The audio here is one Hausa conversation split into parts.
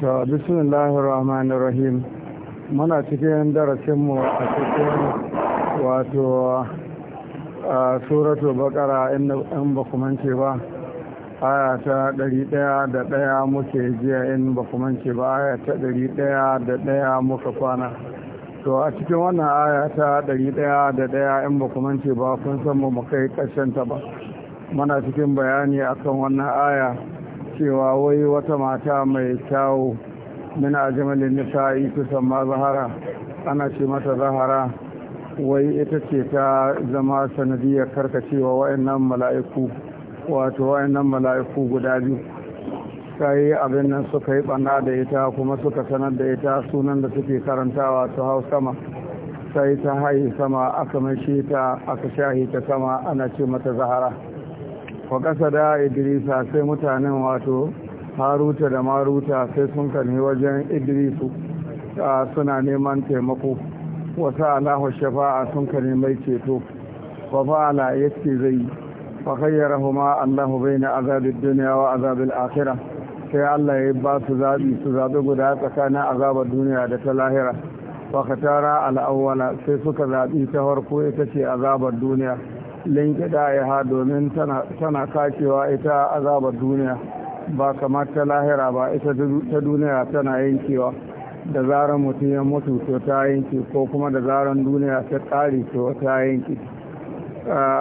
to bismillahir rahim muna cikin darasinmu a cikin wato a suratul bakara in ba mance ba aya ta ɗari ɗaya da ɗaya muke jiya in ba mance ba aya ta ɗari ɗaya da ɗaya muka kwana to a cikin wannan aya ta ɗari ɗaya da ɗaya in ba mance ba kun san mu kai ƙarshen ta ba Muna cikin bayani akan wannan aya cewa wai wata mata mai kyawu min ajamalin nisa'i kusan ma zahara ana ce mata zahara wai ita ce ta zama sanadiyar karkacewa wa'annan mala'iku wato wa'annan mala'iku guda biyu ta yi abin nan suka yi ɓanna da ita kuma suka sanar da ita sunan da suke karantawa su hau sama sai ta haihu sama aka mashi ta aka shahi ta sama ana ce mata zahara wa ƙasa da idrisa sai mutanen wato haruta da maruta sai sun kalmi wajen idrisu suna neman taimako wata alahu shafa'a sun kare mai ceto ba fa'ala ya zai fakayyar huma allahu bai na azabin duniya wa azabin akira sai allah ya ba su zaɓi su zaɓi guda tsakanin azabar duniya da ta lahira fakatara al'awwala sai suka zaɓi ta farko ita ce azabar duniya linkida ya domin tana kacewa ita azabar duniya ba kamar ta lahira ba ita ta duniya tana yankewa da zarar mutum ya mutu to ta yanki ko kuma da zarar duniya ta tsari to ta yanki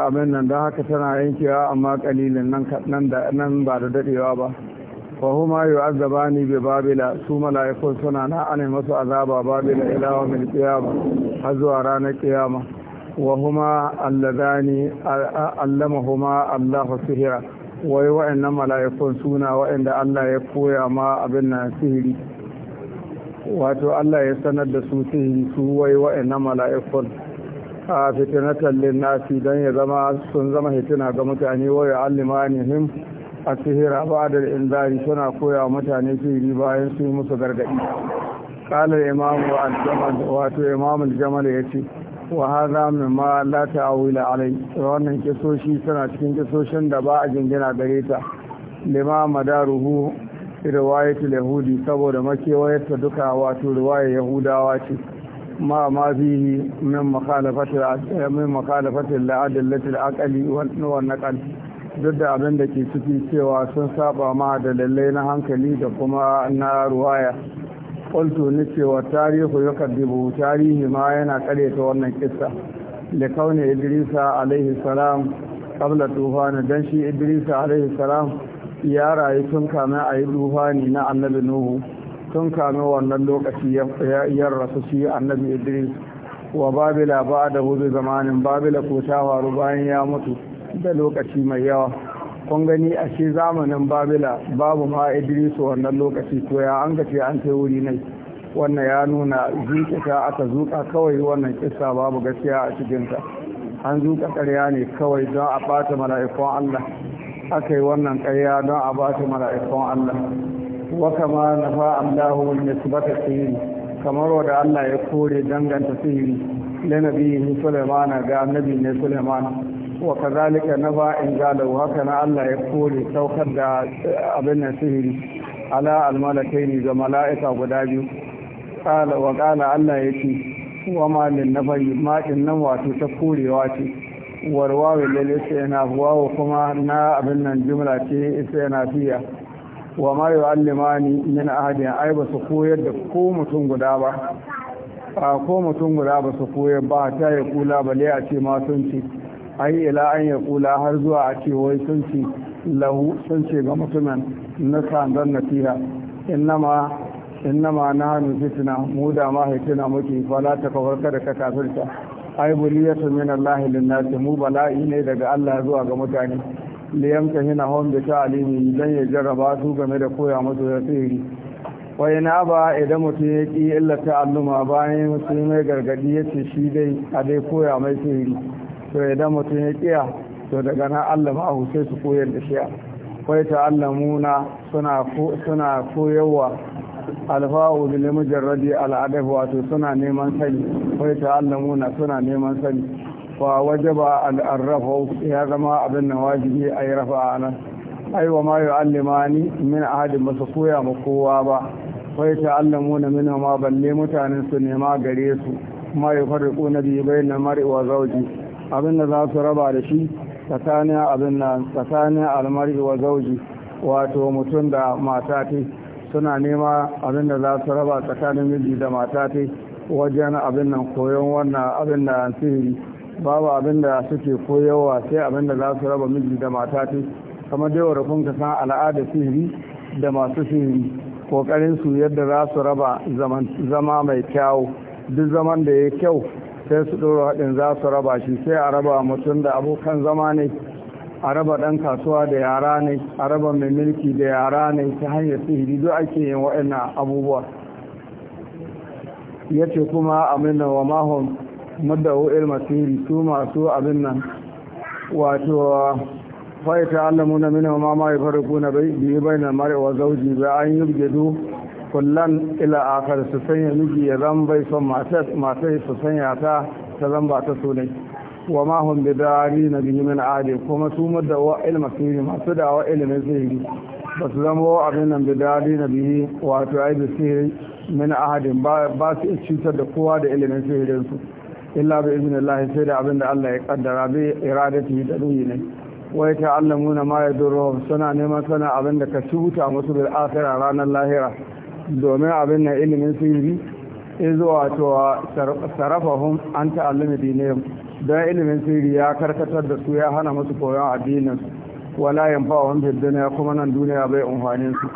abin nan don haka tana yankewa amma kalilin nan ba da dadewa ba wa huma yu'azzabani bi babila su mala'ikun suna na ana masu azaba babila ila wa mil qiyama har zuwa ranar qiyama wa huma alladani allamahuma Allahu sihira wai wa'annan mala'ikun suna wa'anda Allah ya koya ma abin nan sihiri wato Allah ya sanar da su sihiri su wai wa'annan mala'ikun a fitinatar linnasi don ya zama sun zama hitina ga mutane wa ya'allimanihim a sihira ba da inzari suna koya mutane sihiri bayan su yi musu gargaɗi kalar imamu a wato imamu al-jamal ya ce wa hada min ma la ta'awila alai wannan kisoshi suna cikin kisoshin da ba a jingina gare ta lima madaruhu riwayatul yahudi saboda ta duka wato riwayar yahudawa ce ma ma bihi min makhalafatil min makhalafatil akali, aqali wa naqal duk da abin da ke ciki cewa sun saba ma da lallai na hankali da kuma na ruwaya qultu ni cewa tarihu yakadibu tarihi ma yana karyata wannan kissa da kauni idrisa alaihi salam qabla tufana dan shi idrisa alaihi salam ya rayu tun kame a yi duhani na annabi nuhu tun kame wannan lokaci ya rasu shi annabi idris wa babila ba da hudu zamanin babila ko ta faru bayan ya mutu da lokaci mai yawa kun gani a shi zamanin babila babu ma idris wannan lokaci to ya an gace an kai wuri nai wannan ya nuna zuƙa aka zuƙa kawai wannan kisa babu gaskiya a cikinta an zuƙa ƙarya ne kawai don a ɓata mala'ikun allah aka yi wannan ƙarya don a ba su mala'ikun Allah wa kama nafa amdahu nisbata sihiri kamar wanda Allah ya kore danganta sihiri da ni Sulaiman ga annabi ne Sulaiman wa kazalika nafa in galau haka na Allah ya kore saukar da eh, abin nan sihiri ala ne ga mala'ika guda biyu qala wa qala Allah yake wa ma lin nafi ma nan wato ta korewa ce warwawe lalle sai yana wawo kuma na abin nan jumla ce sai yana fiya wa ma yu'allimani min ahadin ai ba su koyar da ko mutum guda ba a ko mutum guda ba su koyar ba ta yi kula ba a ce ma sun ci ai ila an yi kula har zuwa a ce wai sun ci lahu sun ce ga mutumin na sandan na fiya innama innama na hannu fitina mu da ma fitina muke fala ta kawar kada ka kafirta ai buliyatu min Allah lin nas mu bala'i ne daga Allah zuwa ga mutane liyan ka hina hon da ta'alimi dan ya jaraba su game da koya musu da tsiri wa yana ba idan mutum ya ki illa ta'alluma bayan mutum mai gargadi yace shi dai a dai koya mai tsiri to idan mutum ya kiya to daga nan Allah ma sai su koyar da shi wai ta'allamuna suna suna koyarwa alfa'u bil mujarradi al adab wa suna neman sani wai na suna neman sani fa wajaba al arrafu ya zama abin nan wajibi ay rafa nan wa ma yu'allimani min ahadin ba su koya ma kowa ba wai na min ma balle mutanen su nema gare su ma yufarriqu nabi bayna mar'i wa zawji abin da za su raba da shi tsakanin abin nan tsakanin almar'i wa zawji wato mutum da mata suna nema abin da za su raba tsakanin miji da mata ta wajen abin nan koyon wannan abin da sihiri babu abin da suke koyowa sai abin da za su raba miji da mata ta kamar dai wadda san al'ada sihiri da masu sihiri kokarin su yadda za su raba zama mai kyau duk zaman da ya kyau sai su ɗora haɗin za su raba shi sai a raba mutum da abokan zama ne a raba ɗan kasuwa da yara ne a raba mai mulki da yara ne ta hanyar sihiri duk ake yin waɗannan abubuwa ya ce kuma abin nan wa mahon maddawo ilma sihiri su masu abin nan wato ta allamu na mina ma ma ya farko kuna biyu bai na mara wa zauji ba an yi gado kullan ila akar su sanya miji ya zan bai son masai su sanya ta ta zan ba ta so wa ma hum bidari na bihi min adi kuma su madawa ilma sirri masu dawa ilimin sirri ba su zama abin nan bidari na bihi wato ai sirri min ahadin ba su cutar da kowa da ilimin sirrin su illa bi lahi sai da abin da Allah ya kaddara bi iradati da ruhi ne wai ta'allamuna ma yadurruhum suna neman sana abin da ka cuta musu bil akhirah ranar lahira domin abin nan ilimin sihiri in zuwa cewa sarafahun an ta'allumi dinihim don ilimin sirri ya karkatar da su ya hana musu koyon addinin wala yanfa'uhum fid ya kuma nan duniya bai amfanin su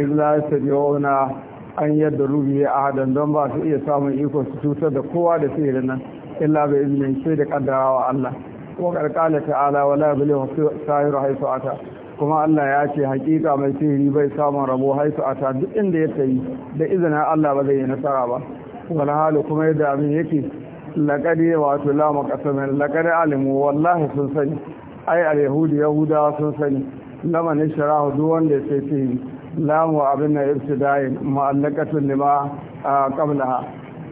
illa yastajuna an yadda rubi ya ahadan don ba su iya samun iko su cutar da kowa da sirrin nan illa bai izinin sai da kaddarawa Allah wa karkala ta'ala wala yablu sahiru haythu ata kuma Allah ya ce hakika mai sirri bai samun rabo haisu a ta duk inda ya tayi da izinin Allah ba zai yi nasara ba wal halu kuma yadda abin yake laqad wato la maqasama laƙari alimu wallahi sun sani ai a yahudi yahuda sun sani ne sharahu duk wanda ya sai fi lamu abin na nan ibtida'in mu'allaqatun lima kamla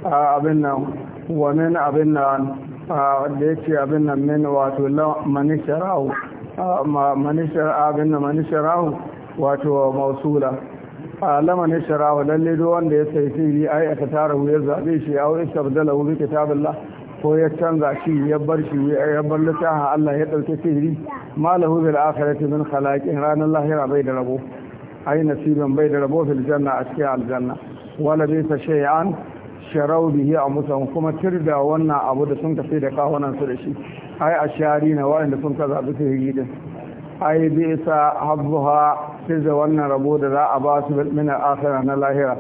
abin nan wa min abin nan da yake abin nan min wato mani abin nan mani sharahu wato mausula a lama ne sharawa lalle duk wanda ya sai fili ai aka tara ya zabe shi ya wuri shabdala wuri kitabillah ko ya canza shi ya bar shi ya bar littafin Allah ya dauke sihiri malahu bil akhirati min khalaqin ranan lahira bai da rabo ai nasiban bai da rabo fil janna a cikin aljanna wala bi ta shay'an sharau bihi a musa kuma tirda wannan abu da sun kafe da kawunan su da shi ai ashari na wa'anda sun kaza bi sihiri din ai bi isa habbuha da wannan rabo da za a ba su min al na lahira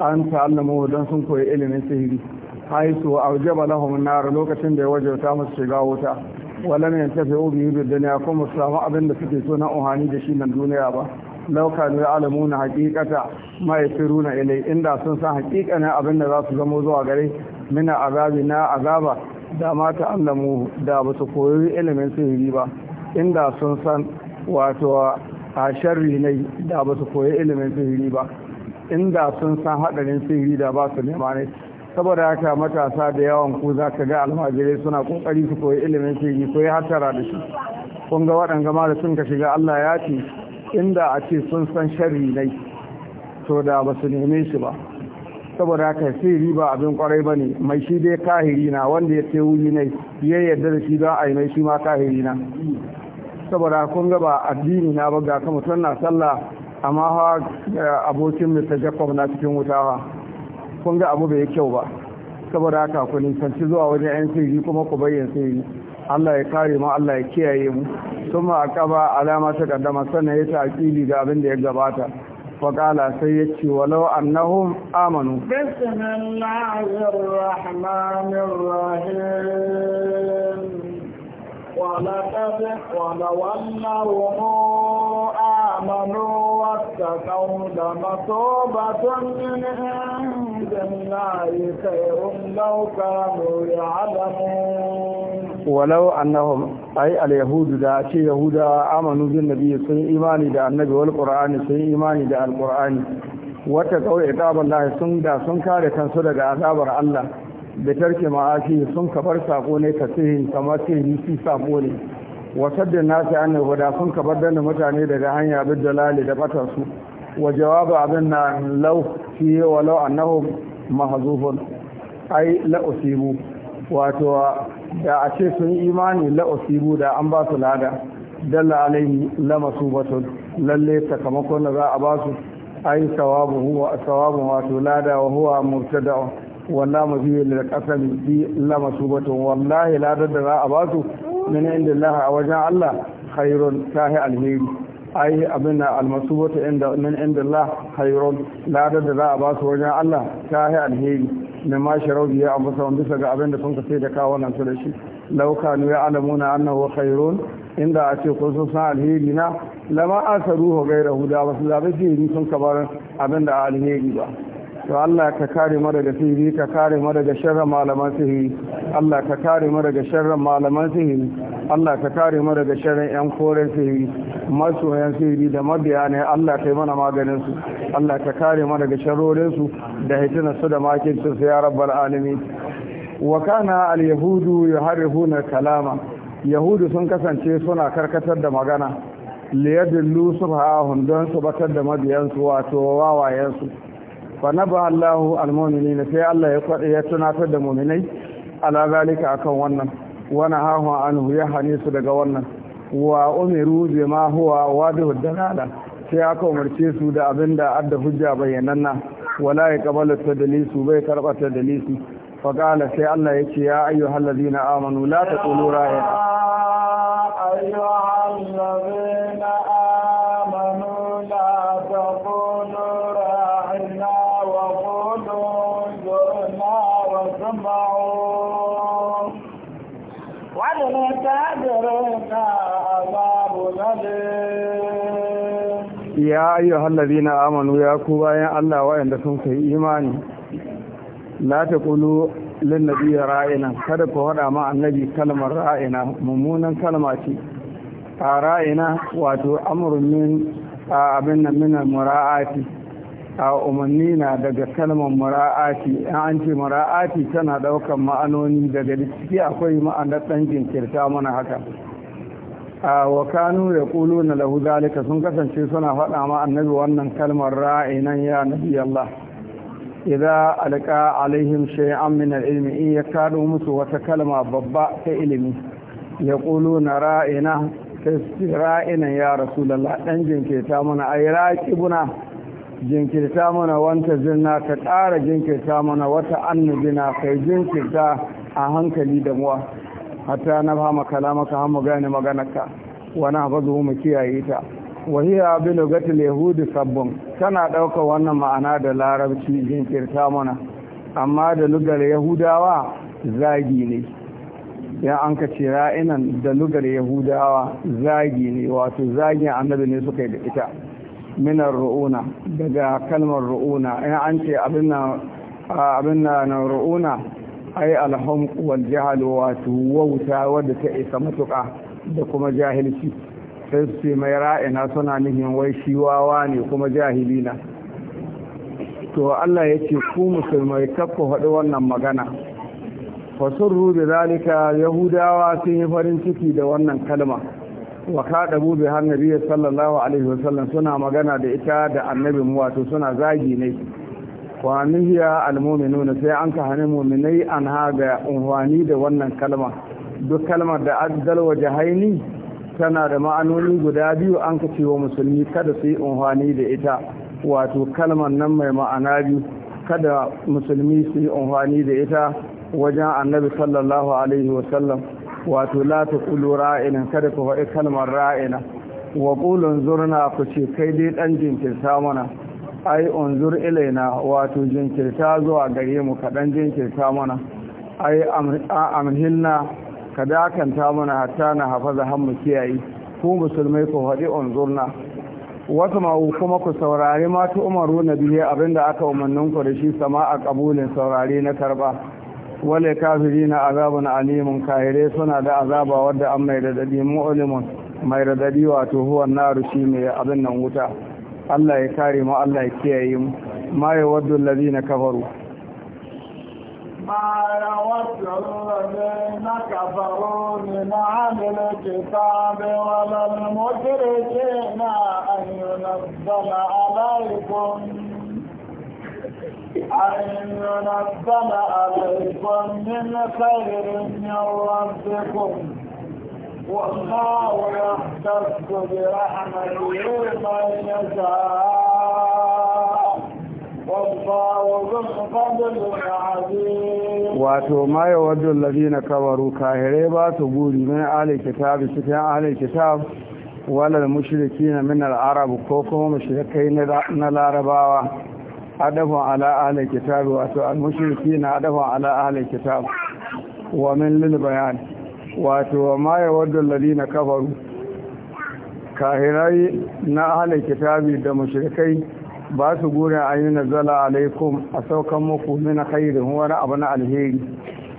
an ta'allamu dan sun koyi ilimin sihiri haisu jaba lahum nar lokacin da ya ta musu shiga wuta wala ne tafi ubi da duniya kuma samu abin da suke so na uhani da shi nan duniya ba lauka ne alamu na hakikata ma na ilai inda sun san hakikanin abin da za su zamo zuwa gare mina azabi na azaba da ma ta'allamu da ba su koyi ilimin sihiri ba inda sun san wato a sharri ne da ba su koyi ilimin sihiri ba inda sun san hadarin sihiri da ba su nema ne saboda haka matasa da yawan ku za ka ga almajirai suna kokari su koyi ilimin sihiri ko ya hatara da shi kun ga waɗanga ma da sun ka shiga Allah ya ce inda a ce sun san sharri ne to da ba su neme shi ba saboda haka sihiri ba abin kwarai ba ne mai shi dai kahiri na wanda ya ce wuri ne ya yarda da shi don a yi mai shi ma kahiri na saboda kun ga ba addini na ba ga ka mutum na sallah amma ha eh, abokin Mr. Jacob na cikin wuta kun ga abu bai kyau ba saboda haka ku nisanci zuwa wajen yan sirri kuma ku bayyana sirri Allah ya kare mu Allah ya kiyaye mu kuma akaba alama ta kaddama sannan ya ta akili ga abin da ya gabata faƙala sai ya ce walau annahum amanu bismillahir rahmanir rahim Wa na wannan rumun Aminu was ka sau da maso batun yi, in na yi saurin lauka, mu yi hada mu. da a ci Yahudawa, Amanu, Zinnabi sun yi imani da Annabi wal-Ƙur'ani sun yi imani da Al-Ƙur'ani. Wata kauye da ta'aballai sun kare kan daga azabar Allah. da tarke ma'ashi sun kabar sako ne ka sihin kamar sihin yi sako ne wasar da ta an huda sun kabar da mutane daga hanya bin dalali da batar su wa jawabu abin na lau yi wa lau annahu mahazufun ai la'usibu wato da a ce sun imani la'usibu da an ba su lada dalla alaihi lamasu batun lalle sakamakon da za a ba su ai sawabu huwa sawabu wato lada wa huwa murtada'un walla mabiyu da qasami bi la masubatun wallahi la da za a basu su inda indillahi a wajen Allah khairun tahi alheri ai abinda na almasubatu inda min indillah khairun la da za a basu wajen Allah tahi alheri na ma sharabi ya amsa wanda bisa ga abinda sun kace da kawo nan su da shi laukanu ya alamuna annahu khairun inda a ce ko sun san alheri na lama asaruhu gairahu da wasu zabe sun kabar abinda alheri ba to Allah ka kare mu daga sihiri ka kare mu daga sharrin malaman sihiri Allah ka kare mu daga sharrin malaman sihiri Allah ka kare mu daga sharrin yan koren sihiri yan sihiri da mabiya ne Allah kai mana maganin su Allah ka kare mu daga sharrorin su da hitina su da makin su ya rabbal alamin wa kana al yahudu yuharifuna kalama yahudu sun kasance suna karkatar da magana liyadillu subhahum don su batar da mabiyansu wato wawayensu fa nabaha Allahu ne sai Allah ya kwada ya tunatar da mu'minai ala zalika akan wannan wani nahahu an ya hane su daga wannan wa umiru ma huwa wadihu dalala sai aka umarce su da abinda adda hujja bayyananna wala ya kabala tadlisu bai karba tadlisu fa qala sai Allah yace ya ayyuhal ladina amanu la taqulu ra'ayna ayyuhal ladina ya ayyuhal na amanu ya ku bayan Allah waɗanda sun kai imani la taqulu lin nabiyyi ra'ina kada ku hada ma annabi kalmar ra'ina mummunan kalma ce a ra'ina wato amrun min abin nan min mura'ati a umarni na daga kalmar mura'ati an ce mura'ati tana daukan ma'anoni daga ciki akwai ma'anar dan jinkirta mana haka wa kanu ya kulu na lahu zalika sun kasance suna faɗa ma annabi wannan kalmar ra'inan ya nabi Allah idza alqa alaihim shay'an min al-ilmi in yakadu musu wata kalma babba ta ilimi ya na ra'ina ra'inan ya rasulullah dan jinkirta mana ay raqibuna jinkirta mana wanta zinna ka ƙara jinkirta mana wata annabina kai jinkirta a hankali da muwa hatta na fama kalamaka har mu gane maganarka wani zuwa mu kiyaye ta wahiya bi lugati yahudi sabbun tana ɗaukar wannan ma'ana da larabci jinkirta mana amma da lugar yahudawa zagi ne ya an ka ce ra'inan da lugar yahudawa zagi ne wato zagin annabi ne suka yi da ita minar ru'una daga kalmar ru'una ya an ce abin na ru'una ai alhamku wal jahal wato wauta wadda ta isa matuƙa da kuma jahilci sai su mai ra'ina suna nihin wai shi wawa ne kuma jahili na to Allah ya ce ku musulmai kafa faɗi wannan magana fasurru da zalika yahudawa sun yi farin ciki da wannan kalma wa kaɗa bube har nabiya sallallahu alaihi wasallam suna magana da ita da annabin wato suna zagi ne wa nuhiya almu'minuna sai an ka hannun mu'minai an haga ga unhwani da wannan kalma duk kalmar da waje-haini tana da ma'anoni guda biyu an ka cewa musulmi kada su yi unhwani da ita wato kalmar nan mai ma'ana biyu kada musulmi su yi unhwani da ita wajen annabi sallallahu alaihi wasallam wato la kulu ra'ina kada ku faɗi kalmar ra'ina wa kulun zurna ku ce kai dai ɗan jinkirta mana ai unzur ilaina wato jinkirta zuwa gare mu kaɗan jinkirta mana ai amhilna ka dakanta mana hatta na hafaza mu kiyaye ku musulmai ku haɗi unzurna wasu ma kuma ku saurari ma tu umaru na biye abinda aka umarnin ku da shi sama a ƙabulin saurari na karɓa wale kafiri na azabun alimun kahire suna da azaba wadda an mai dadi mu'ulimun mai radadi wato huwan naru shi mai abin nan wuta الله ya الله mu ما يود الذين كفروا ما يود الذين كفروا من عمل الكتاب ولا المشركين أن ينزل عليكم أن ينزل عليكم من خير من ربكم والله يختص برحمته من يشاء والله ذو الفضل العظيم wato ma ya wadda kabaru kahirai ba su guri min ahalin kitab cikin ahalin kitab walar mushriki na min al'arab ko kuma mashirikai na larabawa adafin ala ahalin kitab wato al-mushriki na adafin ala ahalin kitab wa min lil bayani wato ma ya wadda ladina kafaru kahirai na ahalar kitabi da mashirkai ba su gurin a yi nazala alaikum a saukan muku kai khairin wani abu na alheri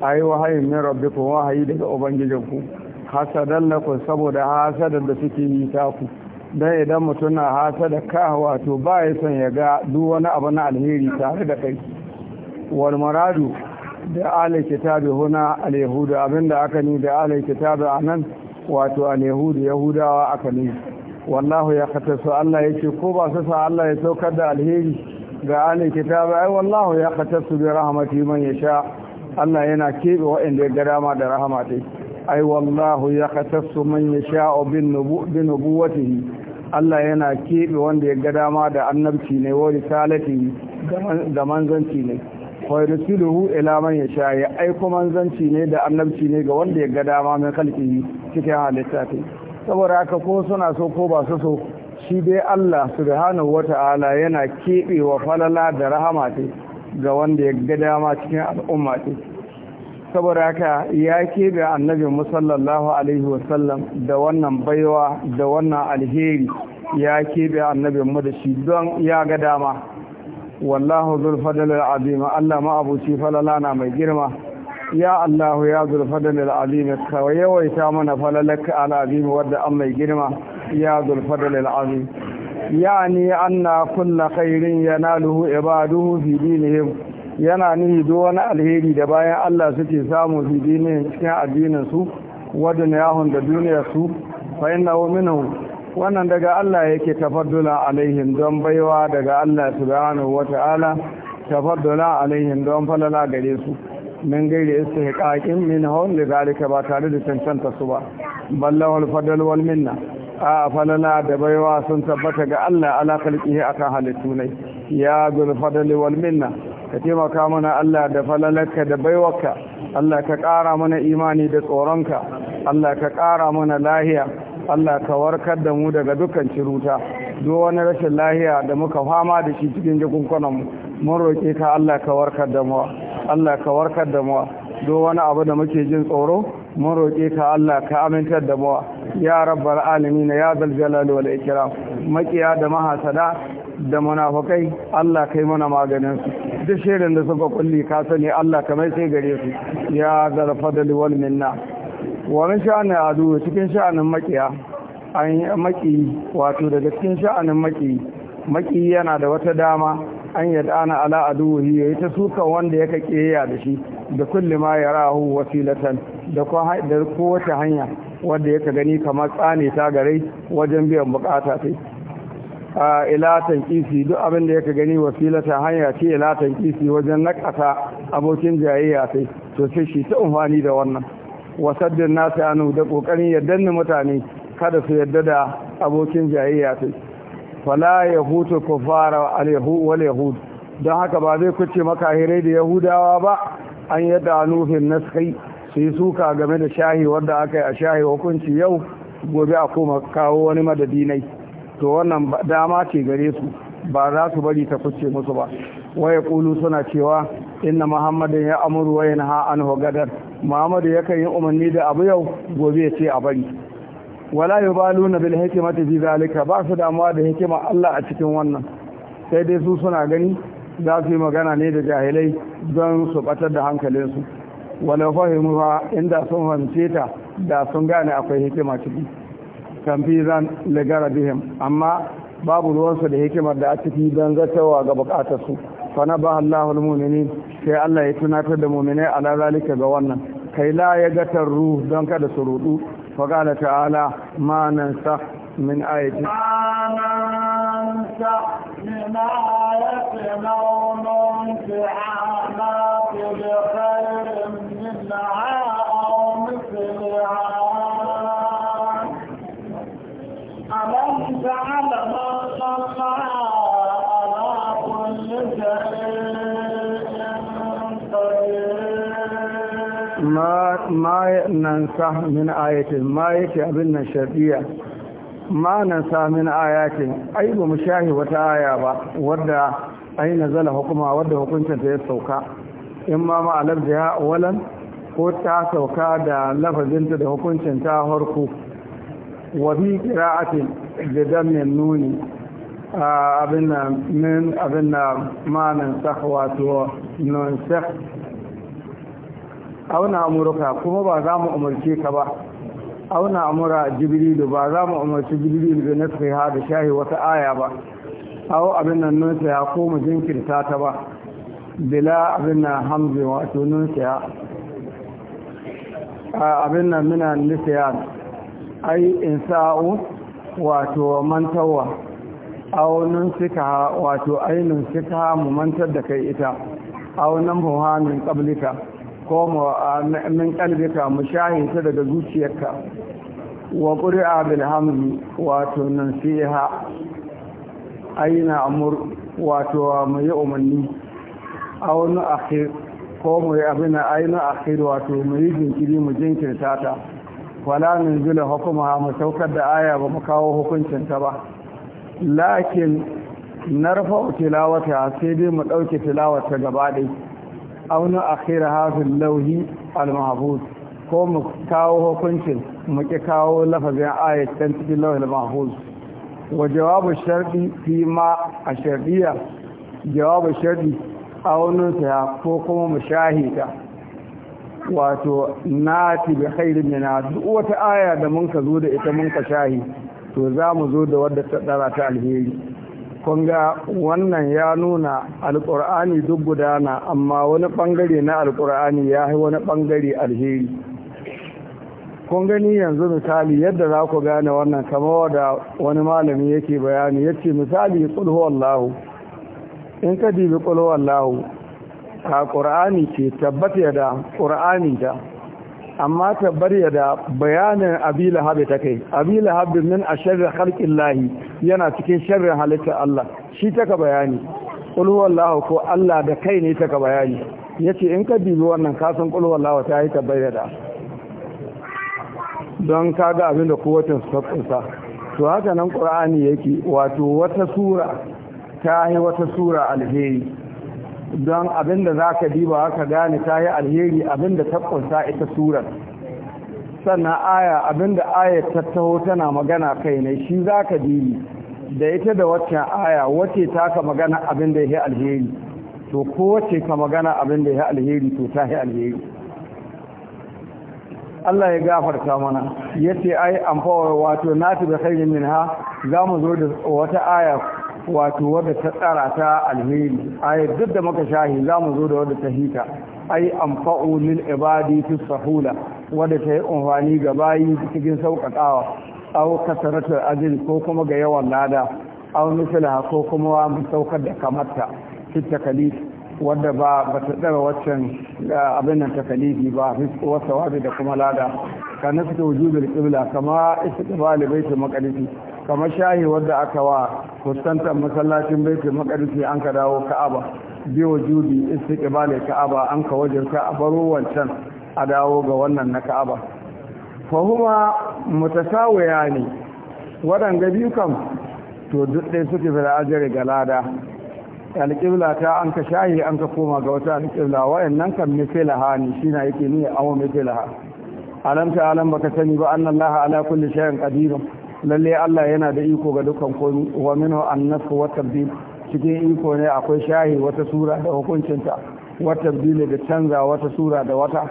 a yi wahayin min rabbikum wahayi daga ubangijinku hasadan ku saboda hasadar da suke yi ku. Don idan mutum na hasada ka wato ba ya son ya ga duk wani abu na alheri tare da kai wal maradu da alai kitabi huna al-yahudu abinda aka ni da alai kitabi anan wato al-yahudu yahudawa aka ni wallahu ya khatasu Allah yake ko ba su sa Allah ya saukar da alheri ga alai kitabi ai wallahu ya khatasu bi rahmatihi man yasha Allah yana kebe waɗanda ya gada ma da rahama dai ai wallahu ya khatasu man yasha bin nubuwatihi Allah yana kebe wanda ya gada ma da annabci ne wa risalati da manzanci ne fayyarsiluhu ila man yasha ya aiko manzanci ne da annabci ne ga wanda ya ga dama mai kalki cikin halitta ta saboda haka ko suna so ko ba su so shi dai Allah subhanahu wata'ala yana keɓe wa falala da rahama ta ga wanda ya ga dama cikin al'umma ta saboda haka ya keɓe annabi musallallahu alaihi wa sallam da wannan baiwa da wannan alheri ya keɓe mu da shi don ya ga dama wallahu zul fadlil Allah ma falalana mai girma ya Allah ya zul fadlil kawai yawaita mana falalaka al wadda an mai girma ya zul fadlil azim yani anna kullu khairin luhu ibaduhu fi dinihim yana nihi duk alheri da bayan Allah suke samu fi dinihim cikin addinin su wadda yahun da duniyar su fa innahu wannan daga Allah yake tafaddula alaihim don baiwa daga Allah subhanahu wata'ala tafaddula alaihim don falala gare su min gairi istihqaqin min da zarika ba tare da cancanta su ba ballahul fadl minna a falala da baiwa sun tabbata ga Allah ala a akan halittu ne ya gul fadl minna ka taimaka mana Allah da falalarka da baiwarka Allah ka ƙara mana imani da tsoronka Allah ka ƙara mana lahiya Allah ka warkar da mu daga dukkan ciruta duk wani rashin lahiya da muka fama da shi cikin jikunkunan mu mun roƙe ka Allah ka warkar da mu Allah ka warkar da mu duk wani abu da muke jin tsoro mun roƙe ka Allah ka amintar da mu ya rabbal alamin ya zal jalali wal ikram makiya da mahasada da munafukai Allah kai mana maganin su duk shirin da suka kulli ka sani Allah kamar sai gare su ya zarfa da wal minna sha'ani sha'anin adu cikin sha'anin makiya an maki wato daga cikin sha'anin maki maki yana da wata dama an yada ana ala aduhi yayi ta suka wanda ka ƙeya da shi da kulle ma rahu wasilatan da kowace hanya wanda yaka gani kamar tsane ta gare wajen biyan bukata sai ilatan kisi duk abin da ka gani wasilata hanya ce ilatan kisi wajen nakasa abokin jayayya sai to shi ta umfani da wannan wa saddin nasu anu da kokarin yardan da mutane kada su yarda da abokin jayayya sai fala yahudu kufara al wa wal yahud don haka ba zai kuce makahirai da yahudawa ba an yadda nufin sai su yi suka game da shahi wanda aka yi a shahi hukunci yau gobe a koma kawo wani madadinai to wannan dama ce gare su ba za su bari ta kuce musu ba waya kulu suna cewa inna muhammadin ya amuru wa yana ho gadar muhammadu yakan yi umarni da abu yau gobe ce a bari wala yubaluna bil hikmati fi zalika ba su damuwa da hikima Allah a cikin wannan sai dai su suna gani za su yi magana ne da jahilai don su batar da hankalinsu wala in inda sun fahimce ta da sun gane akwai hikima ciki zan tamfizan bihim amma babu ruwansu da hikimar da a ciki don zartawa ga bukatarsu su Allah al mumini sai Allah ya tunatar da mu'minai a lalalika ga wannan kai la ya gatar ruh don kada su rudu fa qala ta'ala ma nansa min ayati ma nan min ayatin ma yake abin nan shar'iyya ma nan sa min ayatin ai ba mu shahi wata aya ba wadda ai nazala hukuma wadda hukuncin ta ya sauka in ma ma alabdiha walan ko ta sauka da lafazinta da hukuncin ta harko wa bi qira'atin da damin nuni abin nan min abin nan ma nan sahwa to non sahwa auna amurka kuma ba za mu umarce ka ba auna amura jibrilu ba za mu umarci jibrilu da ha da shahi wata aya ba awo abin nan nun saya ko mu jinkirta ta ba bila abin nan hamzi wato nun saya abin nan muna nisaya ai in sa'u wato mantawa awo nun suka wato ainun suka mu mantar da kai ita awo nan buhamin kablika ko min kalbika mu shahi ta daga zuciyarka wa ƙuri'a bil wato nan fiha aina amur wato mu yi umarni a wani akhir ko mu yi abin aina akhir wato mu yi jinkiri mu jinkirta ta wala min zula hukuma mu saukar da aya ba mu kawo hukuncin ta ba lakin narfa tilawata sai dai mu dauke tilawata gaba ɗaya auna akhira hafin lauhi al-mahfuz ko mu kawo hukuncin mu ki kawo lafazin ayat can cikin lauhi al-mahfuz wa jawabu shardi fi ma a shardiya jawabu shardi aunin ta ko kuma mu shahida wato nati bi khairin min duk wata aya da mun ka zo da ita mun ka shahi to za mu zo da wadda ta tsara ta alheri kun ga wannan ya nuna alƙur'ani duk gudana amma wani ɓangare na alƙur'ani ya yi wani ɓangare alheri kun gani yanzu misali yadda za ku gane wannan kamar da wani malami yake bayani ya ce misali wallahu.' in ka dibi wallahu ka ƙur'ani ce tabbata da ƙur'ani da amma ta barya da bayanin abila habi ta kai abila habi min a sharri harkin lahi yana cikin sharri halittar Allah shi taka bayani ƙulhuwallahu ko Allah da kai ne taka bayani ya ce in ka dubi wannan kasan ƙulhuwallahu ta yi ta barya da don ga abin da kowacin sa. to haka nan ƙura'ani yake wato wata sura ta yi wata sura alheri don abinda za ka diba ka gane ta yi alheri abinda ta ita surar sannan aya abinda aya ta taho tana magana kai ne shi za ka dibi da ita da waccan aya wace ta ka magana abinda ya yi alheri to ko wace ka magana abinda ya yi alheri to ta yi alheri Allah ya gafarta mana ya ce ai amfawar wato na da khairin min ha za mu zo da wata aya wato wadda ta tsara ta alheri Aya, duk da muka shahi za mu zo da wadda ta hita ai amfa'u lil ibadi fi sahula wadda ta yi amfani ga bayi cikin sauƙaƙawa aw kasaratul ajr ko kuma ga yawan lada aw misalha ko kuma mu saukar da kamarta fi wadda ba ba ta tsara waccan abin nan takalifi ba wasa wabi da kuma lada ka nasu ta wujudul qibla kama istiqbal baitul maqdis kama shahi wadda aka wa kusantar masallacin baitul maqdis an ka dawo ka'aba bi wujudi istiqbal ka'aba an ka wajen ka baro wancan a dawo ga wannan na ka'aba fahuma huma ne waɗanga biyu kam to duk ɗaya suke fara ajiyar ga lada alƙibla ta an ka shahi an ka koma ga wata alƙibla nan kan mifilaha ne shi na yake nuna awon mifilaha alam ta alam baka sani ba anna allah ala kulli shay'in qadirun lalle allah yana da iko ga dukkan komai wa minhu annasu wa tabdil cikin iko ne akwai shahi wata sura da hukuncinta wa tabdil da canza wata sura da wata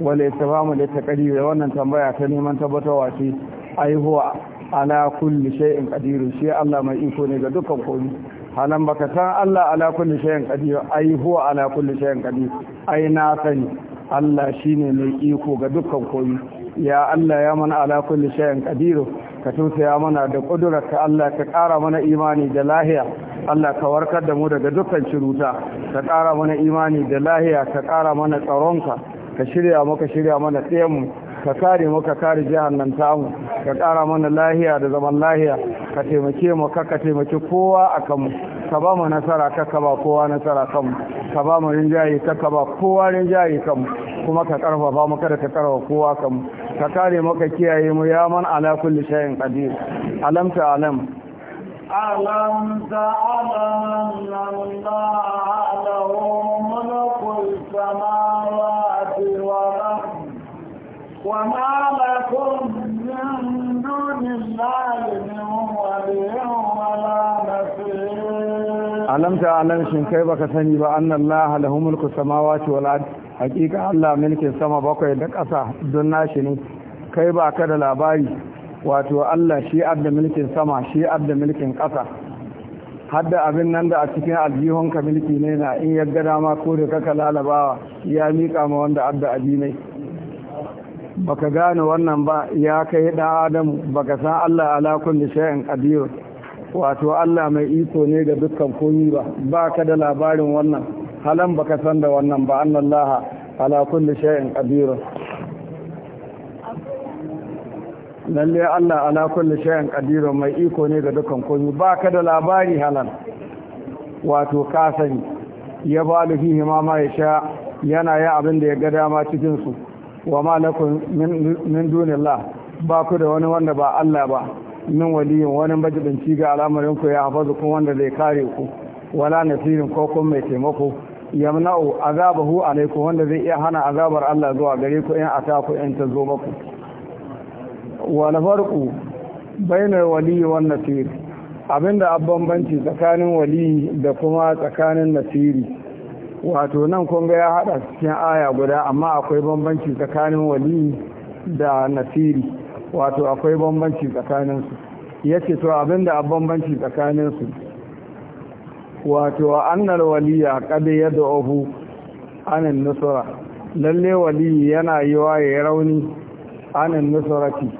wale tabamu da takari da wannan tambaya ta neman tabbatarwa ce ai huwa ala kulli shay'in qadirun shi allah mai iko ne ga dukkan komai halan ka san Allah ala kulli shay'in qadir ai huwa ala kulli shay'in qadir ai na sani Allah shine mai iko ga dukkan koyi ya Allah ya mana ala kulli shay'in qadir ka tausaya mana da kudurarka Allah ka ƙara mana imani da lahiya Allah ka warkar da mu daga dukkan shiruta ka kara mana imani da lahiya ka ƙara mana tsaronka ka shirya maka shirya mana tsayenmu ka kare mu ka kare jihar nan tamu ka kara mana lahiya da zaman lahiya ka taimake mu ka ka taimake kowa a kanmu ka ba mu nasara ka ka ba kowa nasara kanmu ka ba mu rinjaye ka ka ba kowa rinjaye kanmu kuma ka karfafa mu kada ka karfa kowa kanmu ka kare mu ka kiyaye mu ya man ala kulli shay'in qadir alam ta alam alam ta alam Allah alam ta alam shin kai baka sani ba annan laha da humulku samawaci wal'ad hakika allah milkin sama bakwai da ƙasa don nashi ne kai ba ka da labari wato allah shi abda milkin sama shi abda milkin ƙasa hadda abin nan da a cikin aljihonka milki ne na in yadda dama ko da kaka lalabawa ya miƙa ma wanda abda ne. baka gane wannan ba ya kai da adam baka san Allah ala kulli shay'in qadir wato Allah mai iko ne ga dukkan komai ba baka da labarin wannan halan baka san da wannan ba annallaha ala kulli shay'in qadir lalle Allah ala kulli shay'in qadir mai iko ne ga dukkan komai baka da labari halan wato ka sani ya ba fihi ma ma yasha yana ya abin da ya ga dama cikin su wa ma lakum min dunillah ba ku da wani wanda ba Allah ba min waliyin wani ci ga al'amarin ku ya hafazu kun wanda zai kare ku wala nasirin ko kun mai taimako yamna'u azabahu alaikum wanda zai iya hana azabar Allah zuwa gare ku in ata ku in ta zo maku la farqu baina waliyyi wan nasir abinda abban banci tsakanin waliyi da kuma tsakanin nasiri wato nan kun ya haɗa cikin aya guda amma akwai bambanci tsakanin wali da nasiri wato akwai bambanci tsakaninsu ya ce to abinda a bambanci tsakaninsu wato annar waliya kade ya da'ahu anin nusura lalle wali yana yi wa ya rauni anin nusurati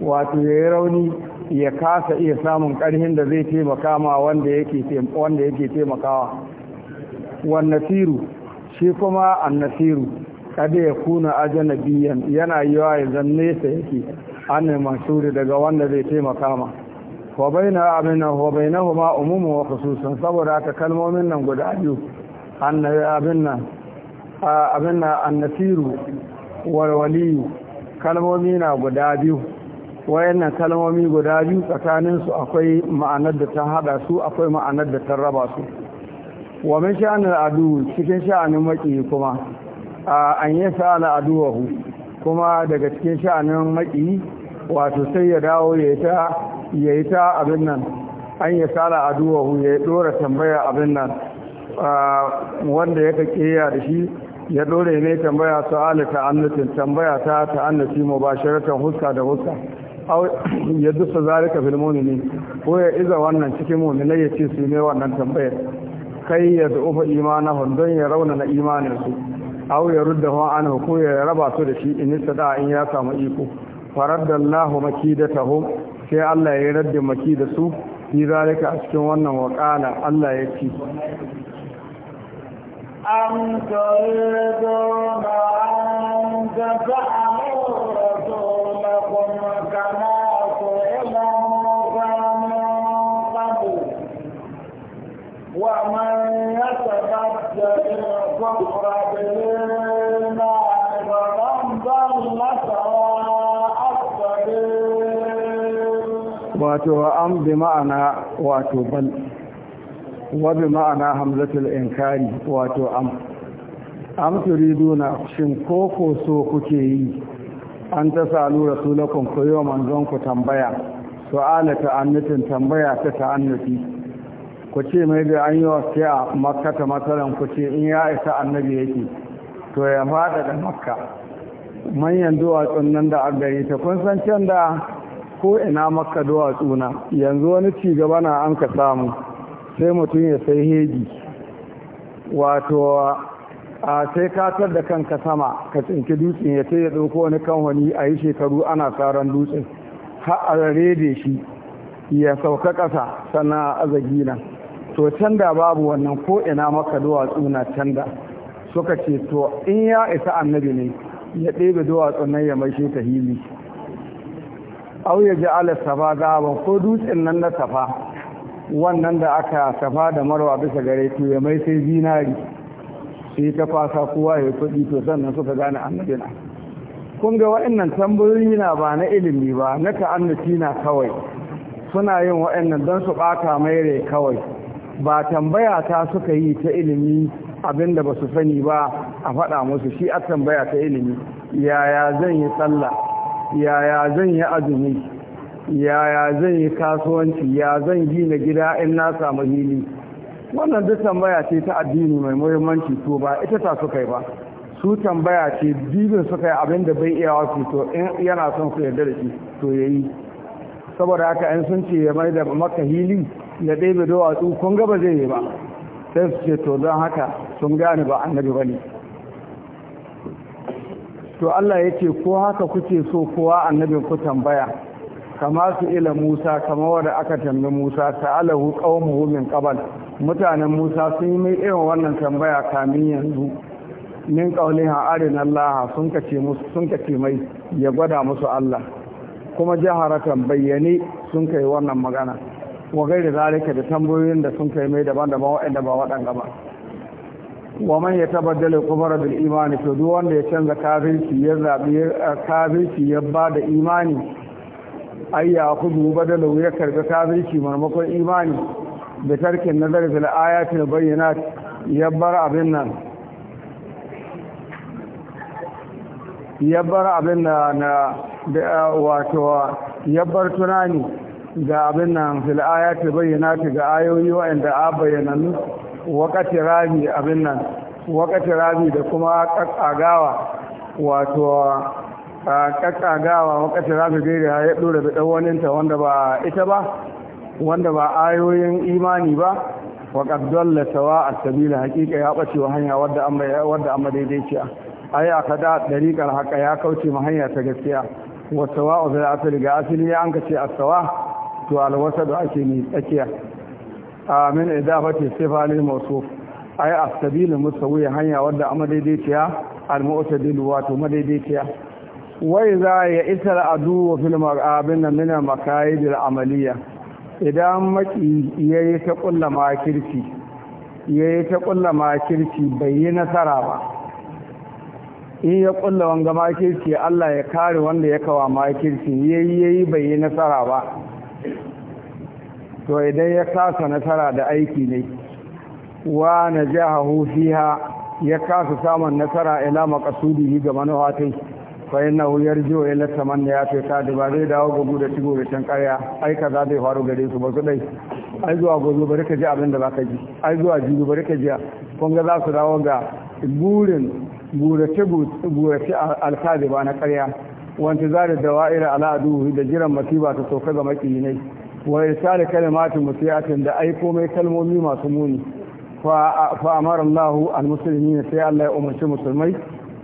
wato ya rauni ya kasa iya samun ƙarhin da zai taimaka ma wanda yake taimakawa wannasiru shi kuma annasiru kada ya kuna ajanabiyan yana yi wa zan nesa yake an mansuri daga wanda zai taimaka ma wa baina amina wa bainahuma umumun wa kasusun saboda aka kalmomin nan guda biyu annabi nan annasiru wal kalmomi na guda biyu wayannan kalmomi guda biyu tsakaninsu akwai ma'anar da ta hada su akwai ma'anar da ta raba su wa min sha'anin adu cikin sha'anin maki kuma an yi sa'ala aduwahu kuma daga cikin sha'anin maki wato sai ya dawo ya yi ta abin nan an yi sa'ala aduwahu ya dora tambaya abin nan wanda ya ya da shi ya dora ne tambaya sa'ala ta'annutin tambaya ta ta'annuti mubasharatan huska da huska ya dusa zalika fil mu'minin ko ya iza wannan cikin mu'minai ya ce su ne wannan tambayar kai ya zuwa imanahun don ya raunana imaninsu aw ya rudda hon an ko ya raba su da shi in sada in ya samu iko farar faraddallahu makidatahum sai Allah ya radda makidasu fi zalika a cikin wannan waqala Allah ya ce am turiduna an tafa'alu rasulakum kama ومن يتبدل الكفر بالإيمان فقد ضل سواء واتو أم بمعنى واتو بل وبمعنى همزة الإنكار واتو أم shin ko ko so kuke yi an ta salu rasulakum ko yau manzon ku tambaya ta annatin tambaya ta ta'annuti ku ce mai da an yi wasu a makka ta matsalan ku ce in ya isa annabi yake to ya fada da makka manyan duwatsun nan da an gari ta kun san can da ko ina makka duwatsu na yanzu wani ci gaba na an ka samu sai mutum ya sai hegi wato a sai katar da kanka sama ka tsinki dutsen ya ce ya ɗauko wani kamfani a yi shekaru ana tsaron dutsen har a rede shi ya sauka ƙasa sannan a azagi nan to canza babu wannan ko ina maka duwatsu na canda suka ce to in ya isa annabi ne ya ɗebe duwatsu nan ya maishe ta hili au ya ji ala safa ko dutsen nan na safa wannan da aka safa da marwa bisa gare to ya mai sai zinari sai ta fasa kowa ya kuɗi to sannan suka gane annabi na kun ga waɗannan tambayoyi na ba na ilimi ba na ta'annaci na kawai suna yin waɗannan don su ɓata mai rai kawai ba tambaya ta suka yi ta ilimi abinda ba su sani ba a faɗa musu shi a tambaya ta ilimi yaya zan yi tsalla? yaya zan yi azumi yaya zan yi kasuwanci ya zan gina gida in na samu hili wannan duk tambaya ce ta addini mai muhimmanci to ba ita ta suka yi ba su tambaya ce dibin suka yi abin da bai iya wasu to in yana son su yarda da shi to yayi saboda haka 'yan sun ce ya mai da maka hili ya ɗebe duwatsu kun ga ba zai yi ba sai su ce to don haka sun gane ba annabi ba ne to Allah ya ce ko haka kuke so kowa annabin ku tambaya kama su ila Musa kama wanda aka tambayi Musa alahu qaumuhu min qabl mutanen Musa sun yi mai irin wannan tambaya kamin yanzu min qawliha arina Allah sun kace musu sun kace mai ya gwada musu Allah kuma jaharatan bayyane sun kai wannan magana wa gairi zalika da tambayoyin da sun kai mai daban-daban waɗanda ba waɗanda ba wa man ya tabaddala kubara bil imani to duk wanda ya canza kafirci ya zabi eh, kafirci ya ba da imani ai ya kudu badalu ya karga kafirci marmakon imani da tarkin nazar da ayati bayyinat ya bar abin nan ya bar abin na da wato ya bar tunani ga abin nan fil ayati bayyanati ga ayoyi wa'anda a bayyana wakati rami abin nan wakati rami da kuma kakkagawa wato kakkagawa wakati rami da ya dora da ta wanda ba ita ba wanda ba ayoyin imani ba wa dalla sawa a sabila hakika ya ɓace wa hanya wadda an madaidaiciya ai a da ɗariƙar haka ya kauce ma hanya ta gaskiya Wasawa wa'u da asali ga asali ya an kace asawa to alwasa da ake ni tsakiya amin idafati sifa lil mawsuf ay as-sabil musawi hanya wadda tiya al-mu'tadil wato tiya wa idza ya isar adu fil mar'abin min makayid al-amaliya idan maki yayi ta kullama kirki yayi ta kullama kirki bai yi nasara ba in ya kulla wanga makirci Allah ya kare wanda ya kawa makirci yayi yayi bai yi nasara ba to idan ya kasa nasara da aiki ne wa najahu fiha ya kasa samun nasara ila maqsudihi ga manufatai fa hu yarju ila tamanni ya fi sadu ba zai dawo gugu da tigo da can karya ai za zai faru gare su ba su dai ai zuwa gobe bari ka ji abin da ka ji ai zuwa jibi bari ka ji kun ga za su dawo ga burin burace alkali ba na karya wanti zari da wa'ira al'adu da jiran masiba ta sauka ga makiyinai wa irsali kalimatin musiyatin da aiko mai kalmomi masu muni fa amara Allah al sai Allah ya umarci musulmai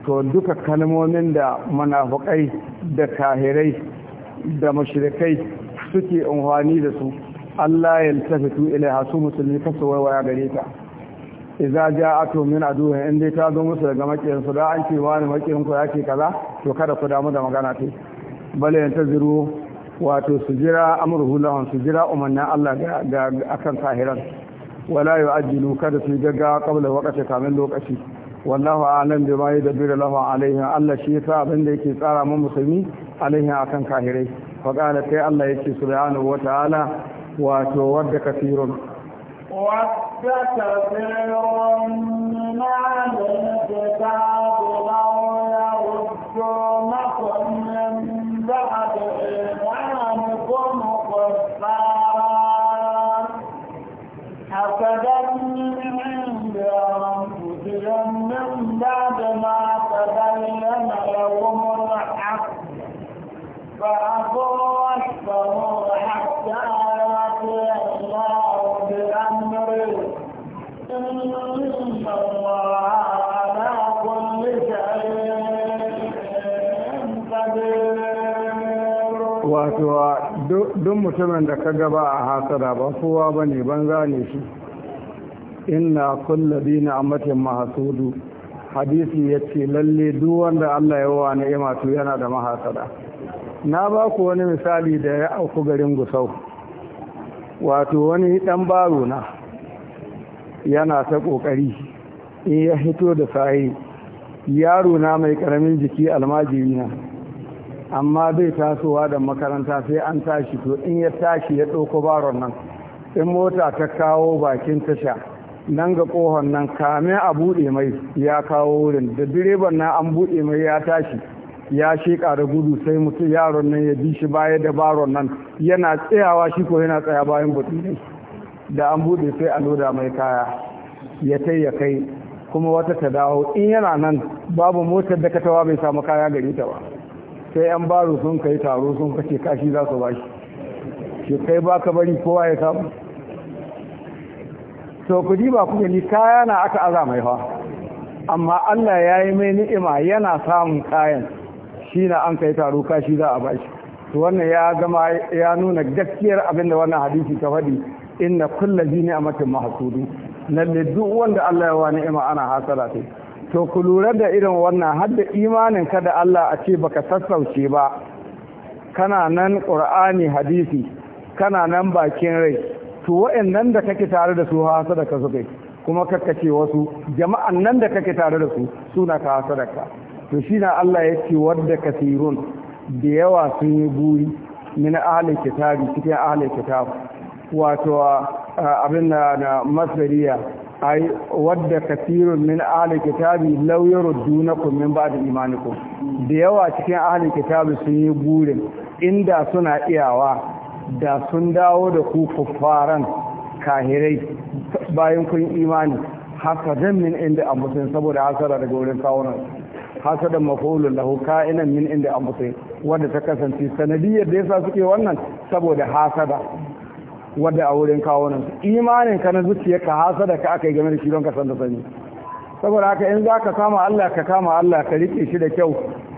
to duka kalmomin da munafukai da kahirai da mashirikai suke unhwani da su Allah ya tafi tu ilaiha su musulmi kasu waya gare ta idza ja'atu min aduwwin in dai ta zo musu daga makiyansu da an ce wani makiyin ku yake kaza to kada ku damu da magana ta bale ziru wato su jira amruhu lahum su jira umannin Allah ga akan kahiran wala yu'ajjilu kada su gaggawa qabla waqti kamin lokaci wallahu a'lam bima yadbiru lahu alaihin Allah shi yasa abin da yake tsara mu musulmi alaihi akan kahirai fa qala sai Allah yake subhanahu wa ta'ala wato wadda kasirun وكثيرا من أهل الكتاب لو يردونكم من بعد إيمانكم كفارا حسدا من عند أنفسهم من بعد ما تبين لهم الحق فأبوا duk mutumin da ka gaba a hasara ba kowa ba ne ban zane shi inna kullabi na amatin mahasudu hadisi ya ce lalle duwanda allah ya wa ni'ima yana da mahasara na ba ku wani misali da ya auku garin gusau wato wani dan baro na yana ta kokari in ya hito da sahi yaro na mai karamin jiki almajiri na amma bai tasowa da makaranta sai an tashi to in ya tashi ya ɗauko baron nan in mota ta kawo bakin tasha nan ga kohon nan kame a buɗe mai ya kawo wurin da direban na an buɗe mai ya tashi ya sheƙa da gudu sai mutum yaron nan ya bi shi baya da baron nan yana tsayawa shi ko yana tsaya bayan buɗe da an buɗe sai a loda mai kaya ya kai ya kai kuma wata ta dawo in yana nan babu motar da katawa bai samu kaya gare ta ba sai yan baro sun kai taro sun kace kashi za su bashi shi kai baka bari kowa ya samu to ku ba ku gani kaya na aka aza mai hawa. amma Allah ya yi mai ni'ima yana samun kayan shi na an kai taro kashi za a bashi to wannan ya gama ya nuna gaskiyar abinda wannan hadisi ta faɗi inna kullu zini amatin na lalle duk wanda Allah ya wani ima ana hasara ta to ku lura da irin wannan har da imanin ka da Allah a ce baka sassauce ba kana nan qur'ani hadisi kana nan bakin rai to wa'annan da kake tare da su hasara ka zube kuma kakkace wasu jama'an nan da kake tare da su suna ka hasara ka to shi na Allah ya ce wadda kasirun da yawa sun yi buri min ahalin kitabi cikin ahalin kitabi wato abin da na masariya ai wadda kasirun min ahalin kitabi lauyar dunakun min ba da imanikun da yawa cikin ahalin kitabi sun yi burin inda suna iyawa da sun dawo da ku kuffaran kahirai bayan kun imani hasadan min inda amusin saboda hasara daga wurin kawunan hasadan mafulun lahu ka'inan min inda anfusih wanda ta kasance sanadiyar da yasa suke wannan saboda hasada wanda a wurin kawo nan imanin ka na zuciya ka hasada ka aka yi game da shi don ka san da sani saboda haka in za ka kama Allah ka kama Allah ka rike shi da kyau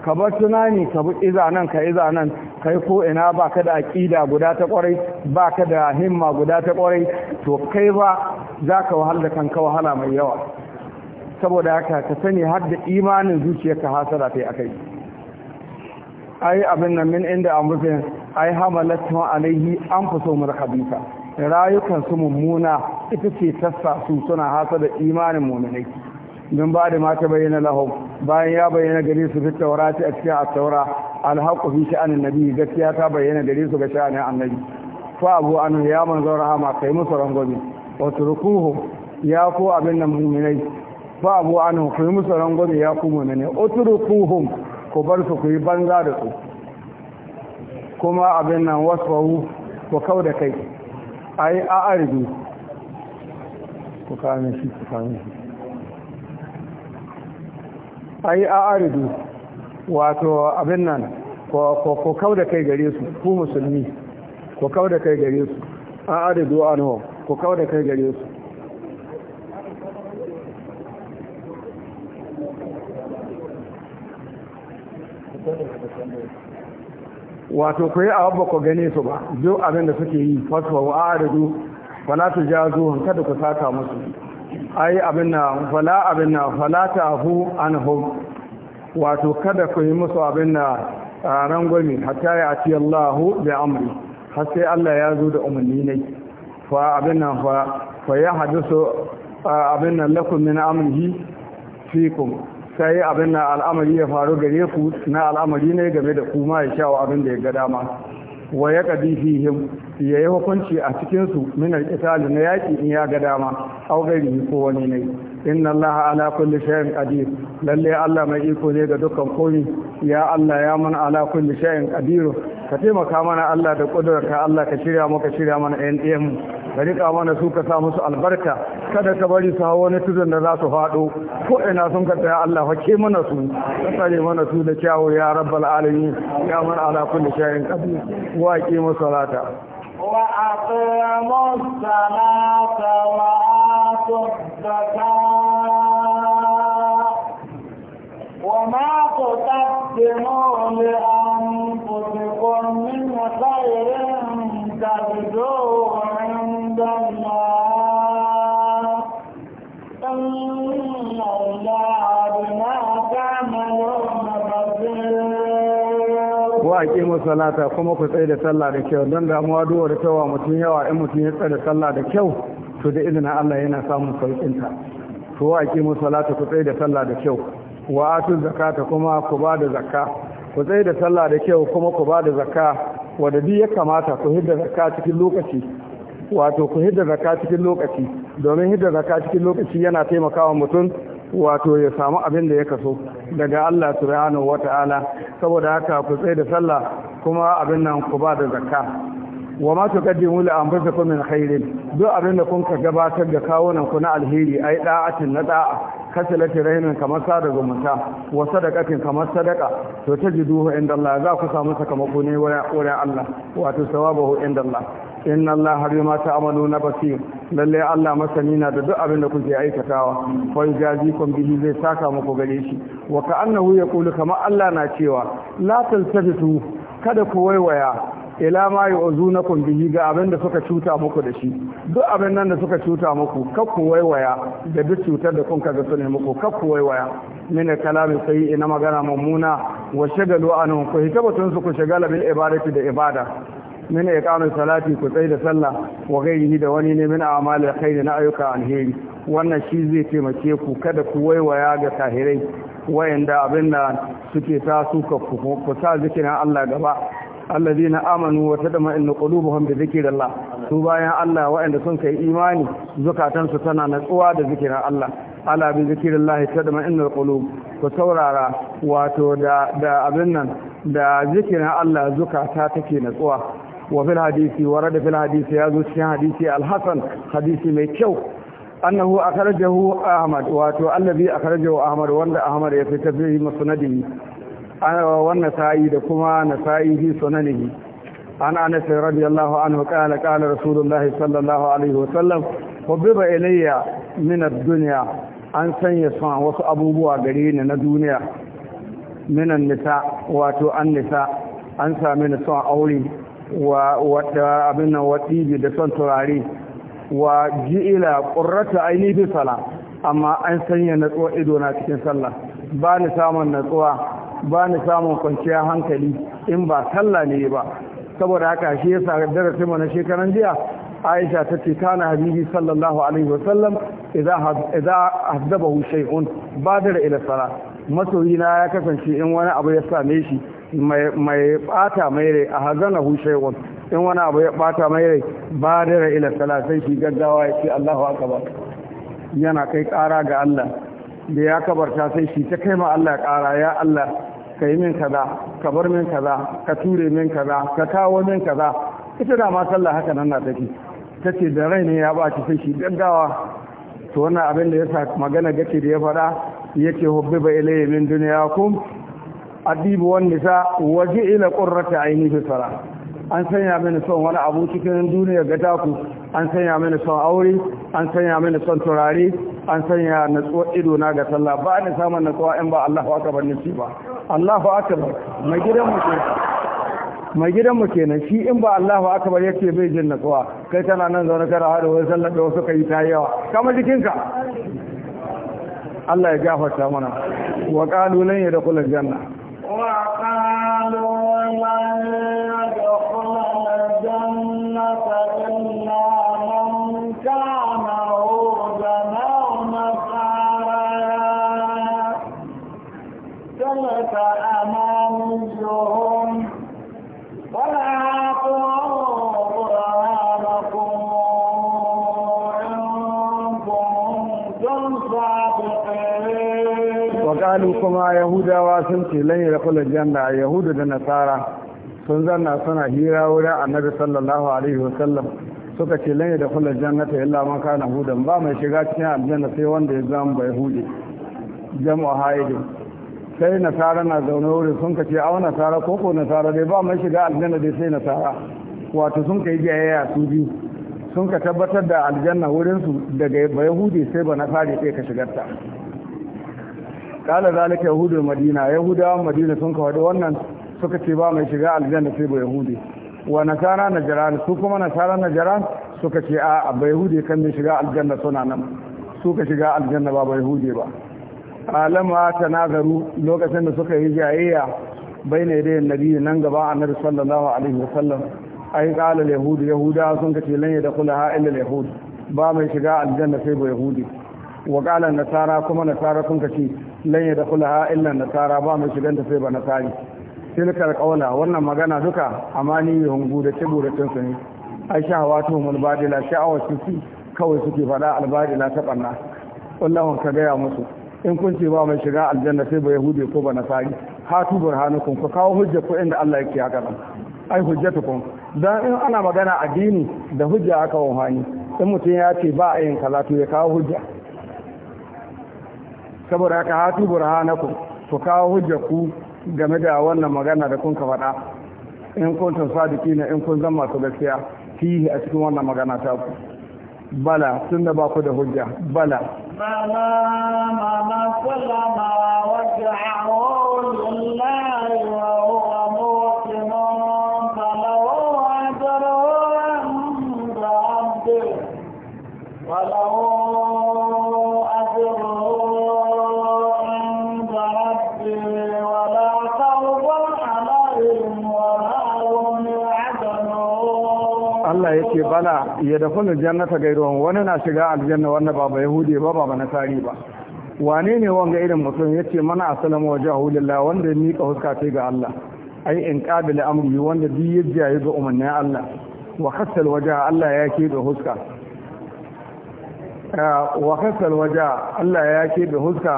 ka bar tunani ka bi iza nan ka iza nan kai ko ina baka da aƙida guda ta kwarai ba ka da himma guda ta kwarai to kai ba za ka wahala kanka wahala mai yawa saboda haka ka sani har da imanin zuciyarka hasara ta yi kai. ai abin nan min inda an rufe ai hamalatu alaihi an fuso mu khabisa rayukan su mummuna ita ce tassa su suna hasara da imanin mu'minai don ba da mata bayyana lahau. bayan ya bayyana gare su fi taurati a cikin at-taura alhaqu fi sha'anin nabi gaskiya ta bayyana gare su ga sha'anin annabi fa abu an ya manzo rahama kai musu rangwami wa turkuhu ya ko abin nan mu'minai Ba abu an ku yi musu rangwame ya ne mu'mini kuhun ku bar su ku yi banza da su kuma abin nan wasu ku kau da kai ai a arbi ku kame shi ku kame shi ai a arzu wato abin nan ku kau da kai gare su ku musulmi ku kau da kai gare su a arbi anhu ku kau da kai gare su wato ku yi abba ku gane su ba duk abin da suke yi fasfa wa adadu fala tu jazu kada ku saka musu ai abin na fala abin na fala an hu wato kada ku yi musu abin na rangwami hatta ya ati Allahu bi amri har sai Allah ya zo da umarni ne fa abin na fa fa ya hadisu abin na lakum min amrihi fikum sai abin na al'amari ya faru gare ku na al'amari ne game da kuma ya wa abin da ya ga dama wa ya kadi fihim ya yi hukunci a cikin su min al na yaki in ya ga dama aw gairi ko wani ne inna allaha ala kulli shay'in qadir lalle allah mai iko ne ga dukkan komi ya allah ya man ala kulli shay'in qadir ka taimaka mana allah da ƙudurka allah ka shirya maka ka shirya mana ɗayan ka rika mana su ka sa musu albarka kada ka bari su hawa wani tudun da za su faɗo ko ina sun ka tsaya Allah fa ke mana su ka tsare mana su da kyawu ya rabbal alamin ya mana ala kulli shay'in qadir wa aqimu salata wa aqimu salata wa atu وما تقدموا لأنفسكم min khairin تجدوه salata kuma ku tsaye da sallah da kyau don damuwa duwa da tawa mutum yawa in mutum ya tsaye da sallah da kyau to da izinin Allah yana samun sauƙinta to wa a ƙi salata ku tsaye da sallah da kyau wa atu zakata kuma ku ba da zakka ku tsaye da sallah da kyau kuma ku ba da zakka wanda duk ya kamata ku hidda zakka cikin lokaci wato ku hidda zakka cikin lokaci domin hidda zakka cikin lokaci yana taimakawa mutum wato ya samu abin da ya kaso daga Allah subhanahu wata'ala saboda haka ku tsaye da sallah kuma abin nan ku ba da zakka wa ma tuqaddimu li anfusikum min khairin duk abin da kun ka gabatar da kawunan ku na alheri ai da'atin na da'a kasalati rainin kamar sada zumunta wa sadaqatin kamar sadaka to tajiduhu inda Allah za ku samu sakamako ne wurin Allah wato sawabahu inda Allah inna Allah har ma ta'amalu na basir lalle Allah masani na da duk abin da kuke aikatawa fa kum bihi zai saka muku gare shi wa ya yaqulu kama Allah na cewa la taltafitu kada ku waiwaya ila ma yu'zunakum bihi ga abin da suka cuta muku da shi duk abin nan da suka cuta muku kar ku waiwaya da duk cutar da kun kaga sune muku kar ku waiwaya min kalamin sai ina magana mummuna wa shagalu anhu ku hitabatun su ku shagala bil ibadati da ibada Muna ya iqamis salati ku tsai da sallah wa ghairihi da wani ne min kai da na ayyuka alheri wannan shi zai taimake ku kada ku waiwaya ga kahirai wayanda abinda suke ta suka ku sa zikirin Allah gaba alladhina amanu wa tatma'innu qulubuhum bi dhikrillah su bayan Allah wayanda sun kai imani zukatansu tana natsuwa da zikirin Allah ala bi zikrillah tatma'innul qulub ku saurara wato da abin nan da zikirin Allah zukata take natsuwa wa fil hadisi warada fil hadisi ya zo cikin hadisi al-hasan hadisi mai kyau annahu akhrajahu ahmad wato allazi akhrajahu ahmad wanda ahmad ya fita fi musnadihi wannan sa'i da kuma nasa'i fi sunanihi an anas radiyallahu anhu qala qala rasulullah sallallahu alaihi wasallam hubbiba ilayya min ad-dunya an sanya son wasu abubuwa gare ni na duniya minan nisa wato an nisa an sami ni son aure wa wata abin nan da son turare wa ila qurrata aini ainihin sala amma an sanya natsuwa ido na cikin sallah ba ni samun natsuwa ba ni samun kwanciyar hankali in ba sallah ne ba saboda haka shi yasa darasin mu na shekaran jiya Aisha ta ce kana habibi sallallahu alaihi wa sallam idza idza shay'un badara ila sala masoyina ya kasance in wani abu ya same shi mai bata mai rai a hazana wani, in wani abu ya bata mai rai ba da rai ila sai shi gaggawa ya ce Allahu akbar yana kai kara ga Allah da ya kabarta sai shi ta kai ma Allah kara ya Allah ka yi min kaza ka bar min kaza ka ture min kaza ka kawo min kaza ita da ma sallah haka nan na take ce da rai ne ya baci sai shi gaggawa to wannan abin da ya sa magana gake da ya faɗa yake hubbi ba ilayhi duniya kum adibu wan nisa waje ila qurrata aini fi sala an sanya mini son wani abu cikin duniya ga taku an sanya mini son aure an sanya mini son turare an sanya natsuwa ido na ga sallah ba ni samun natsuwa in ba Allahu akbar ni ba Allahu akabar mai gidan mu kenan shi in ba Allahu akabar yake bai jin natsuwa kai tana nan zaune kana hada wani sallar da wasu kai ta yawa kama jikinka Allah ya gafarta mana wa qalu lan yadkhulul janna وقالوا من kalu kuma yahudawa sun ce lan yadkhul a yahudu da nasara sun zanna suna hira wurin annabi sallallahu alaihi wasallam suka ce lan yadkhul jannata illa man kana hudan ba mai shiga cikin aljanna sai wanda ya zama bai hude jam'u Ha'idu. sai nasara na zaune wurin sun ka ce au nasara ko ko nasara dai ba mai shiga aljanna dai sai nasara wato sun kai jayayya su biyu sun ka tabbatar da aljanna wurin su daga bai hude sai ba nasara sai ka shigarta kala zalika yahudu madina Yahudawa madina sun kawo wannan suka ce ba mai shiga aljanna sai ba yahudi wa nasara najaran su kuma nasara najaran suka ce a ba yahudi kan mai shiga aljanna suna nan suka shiga aljanna ba ba yahudi ba alama tanazaru lokacin da suka yi jayayya baina da nabi nan gaba annabi sallallahu alaihi wasallam ai qala yahudu yahud yahuda sun kace lan ha illa al yahud ba mai shiga aljanna sai ba yahudi wa qala nasara kuma nasara sun ce lan ya dakhulaha illa nasara ba mai shiganta sai ba nasari tilkar qawla wannan magana duka amani hungu da da su ne ai shahawatu mul badila sha'awatu su kawai suke fada albadila ta banna wallahi ka gaya musu in kun ce ba mai shiga aljanna sai ba yahudi ko ba nasari hatu burhanukum ku kawo hujja ku inda Allah yake ya gaba ai hujjatukum dan in ana magana addini da hujja aka wani in mutum ya ce ba a yin kaza ya kawo hujja saboda haka hatu burhanakum ku kawo hujjaku game da wannan magana da kun ka faɗa in kun sadiki na in kun zama su gaskiya fihi a cikin wannan magana ta ku bala tunda ba ku da hujja bala bala ma ma kullama ke bala ya dafa kullu jannata gairuwan wani na shiga aljanna wanda ba ba yahudi ba ba na tari ba wane ne wanga irin mutum ya ce mana assalamu wa jahulillah wanda ya miƙa huska ce ga Allah ai in qabila amri wanda bi yajja ya ga umarnin Allah wa khassal waja Allah ya ke da huska ah, wa khassal waja Allah ya ke da huska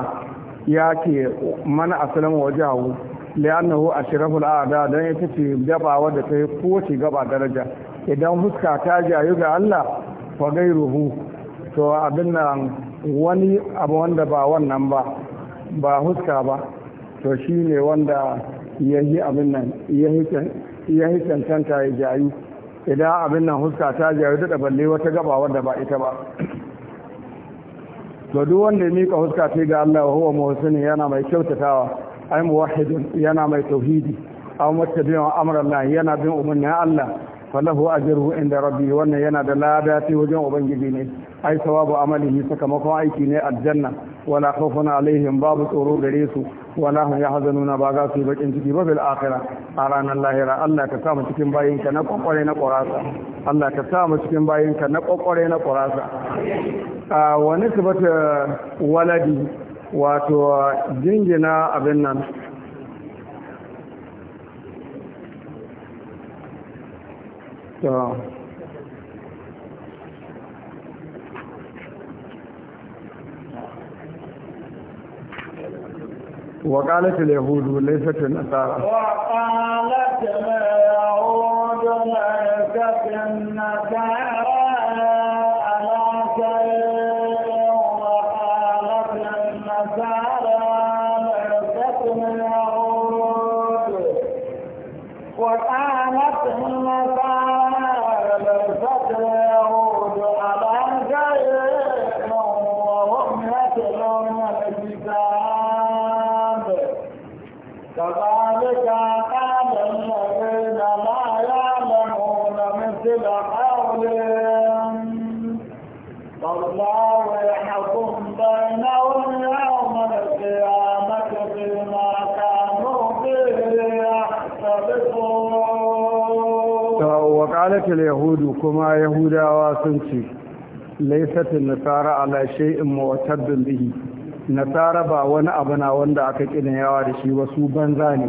ya ke mana assalamu wa jahu li'annahu ashraful a'da dan yace ce gaba wanda ta yi kowace gaba daraja idan huska ta jayu ga Allah wa ruhu, to abin nan wani abu wanda ba wannan ba ba huska ba to shi ne wanda ya yi abin nan ya yi cancanta ya jayu idan abin nan huska ta jayu da balle wata gaba wanda ba ita ba to duk wanda ya mika huska ta ga Allah wa huwa muhsinin yana mai kyautatawa ai muwahhidin yana mai tauhidi aw muttabi'un amra Allah yana bin umarnin Allah falahu ajruhu inda rabbi wannan yana da lada wajen ubangiji ne ai sawabu amalihi sakamakon aiki ne aljanna wala khawfun alaihim babu tsoro gare su wala hum yahzanuna ba za su yi bakin ciki ba bil akhirah a ranar lahira Allah ka sa mu cikin bayinka na kwakware na qurasa Allah ka waladi wato jingina abin nan to وقالت اليهود ليست النصارى وقالت اليهود ليست النصارى qalatul yahudu kuma yahudawa sun ce laysatul nasara ala shay'in mu'taddin bihi nasara ba wani abu na wanda aka yawa da shi wasu banza ne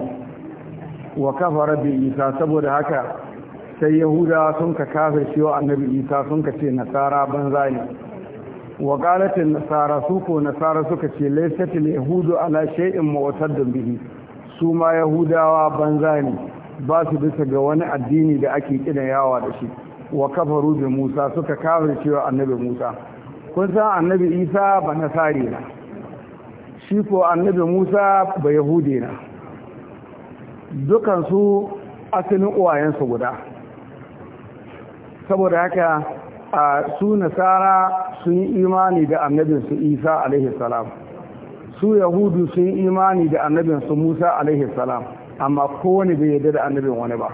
wa kafara bi isa saboda haka sai yahudawa sun ka shi wa annabi isa sun ka ce nasara banza ne wa qalatul nasara su ko nasara suka ce laysatul yahudu ala shay'in mu'taddin bihi su ma yahudawa banza ne ba su bisa ga wani addini da ake kina yawa da shi wa kafaru bi Musa suka kafir cewa annabi Musa kun san annabi Isa ba nasari na shi ko annabi Musa ba yahudi na dukan su asalin uwayensu guda saboda haka a su nasara sun yi imani da annabinsu Isa alaihi salam su yahudu sun yi imani da annabinsu Musa alaihi salam amma kowane bai yadda da annabin wani ba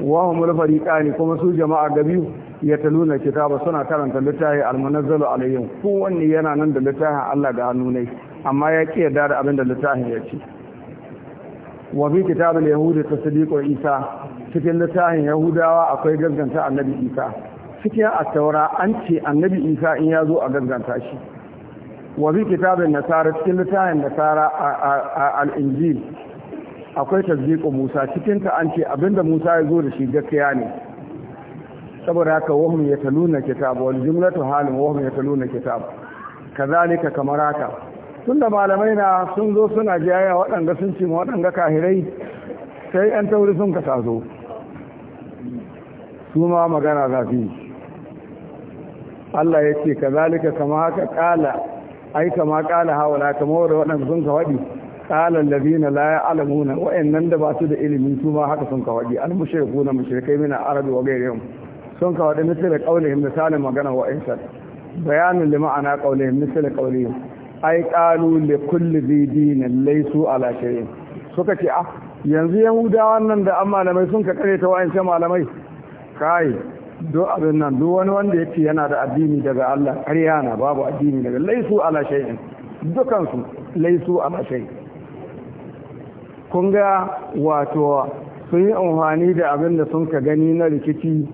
wa mulfari fariqani kuma su jama'a ga biyu ya ta kita ba suna karanta littafi almanazzalu alayhim kowanne yana nan da littafin Allah ga hannu amma ya ki yadda da abin da littafin ya ce wa bi kitabul ta tasdiqu isa cikin littafin yahudawa akwai gaskanta annabi isa cikin at-taura an ce annabi isa in ya zo a gaskanta shi wa bi kitabin nasara cikin littafin nasara al-injil akwai tasdiqu Musa cikin ta an ce abinda Musa ya zo da shi gaskiya ne saboda haka wahum yataluna kitab wal jumlatu halin wahum yataluna kitab kazalika kamar tun tunda malamai na sun zo suna jayaya waɗanda sun ce waɗanda kahirai sai yan tauri sun ka tazo su ma magana zafi Allah ya ce kazalika kama haka kala ai kama kala hawala kama da waɗanda sun ka waɗi kalan labina la ya alamuna wa'annan da ba su da ilimin su ma haka sun ka waɗi al mushriku na mushrikai mina arabi wa gairihim sun ka waɗi misali qaulihim misalin magana wa insan bayanin li ma'ana qaulihim misali qaulihim ai qalu li kulli dinin laysu ala shay'in suka ce ah yanzu yahudawan nan da amma malamai sun ka kare ta wa'ancan malamai kai do abin nan duk wani wanda ya ce yana da addini daga Allah ƙarya na babu addini daga laisu ala shay'in dukansu laisu ala shay'in kun ga wato sun yi amfani da abin da sun ka gani na rikici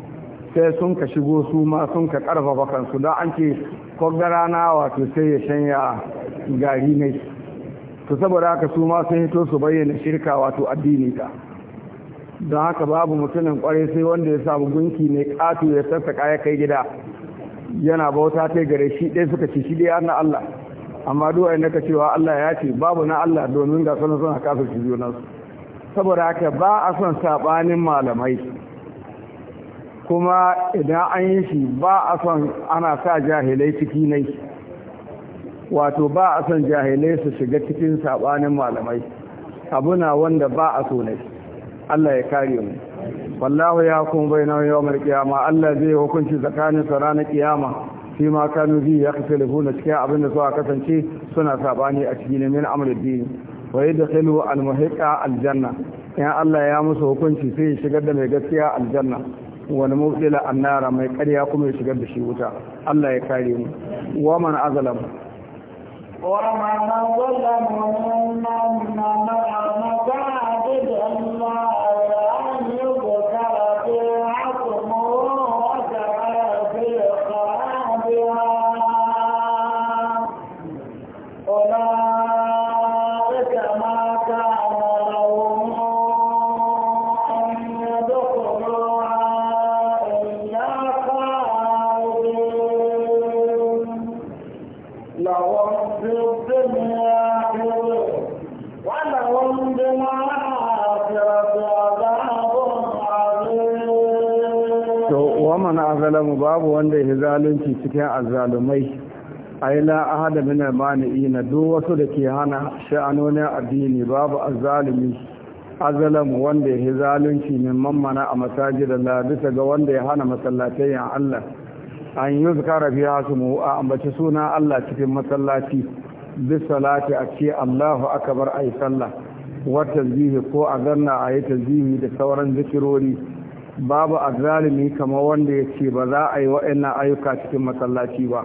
sai sun ka shigo su ma sun ka karfafa kansu don an ce kwaggara na wato sai ya shanya gari ne to saboda haka su ma sun hito su bayyana shirka wato addini ta don haka babu mutumin kwarai sai wanda ya samu gunki mai katu ya sassaka ya kai gida yana bauta ta gare shi ɗaya suka ci shi dai na Allah amma duk wani ka cewa Allah ya ce babu na Allah domin ga sanin suna kafin shi junan saboda haka ba a son sabanin malamai kuma idan an yi shi ba a son ana sa jahilai ciki nai wato ba a son jahilai su shiga cikin sabanin malamai abu na wanda ba a so ne Allah ya kare mu wallahu ya na bainahu yawmal qiyama Allah zai hukunci tsakanin sa ranar kiyama fi ma kanu bi yakhtalifuna cikin abin da suka kasance suna sabani a cikin min amrin dini wa yadkhilu al-muhiqa al-janna ya Allah ya musu hukunci sai ya shigar da mai gaskiya aljanna wani mubdila annara mai karya kuma ya shigar da shi wuta Allah ya kare mu wa man azlamu ومن ظلم ممن منع مساجد الله أن يذكر في حكمه وسعى في خرابها أولئك zalamu babu wanda ya zalunci cikin azzalumai aina ahada min al-mani'ina duk wasu da ke hana sha'anonin addini babu azzalumi azalamu wanda ya zalunci min mammana a masajidan la bisa ga wanda ya hana masallatai Allah an yuzkara fi hasmu a ambaci suna Allah cikin masallaci bi salati a ce Allahu akbar ay sallah wa tasbihi ko a ganna ayi zihi da sauran zikirori babu azalimi kamar wanda ya ce ba za a yi waɗannan ayyuka cikin masallaci ba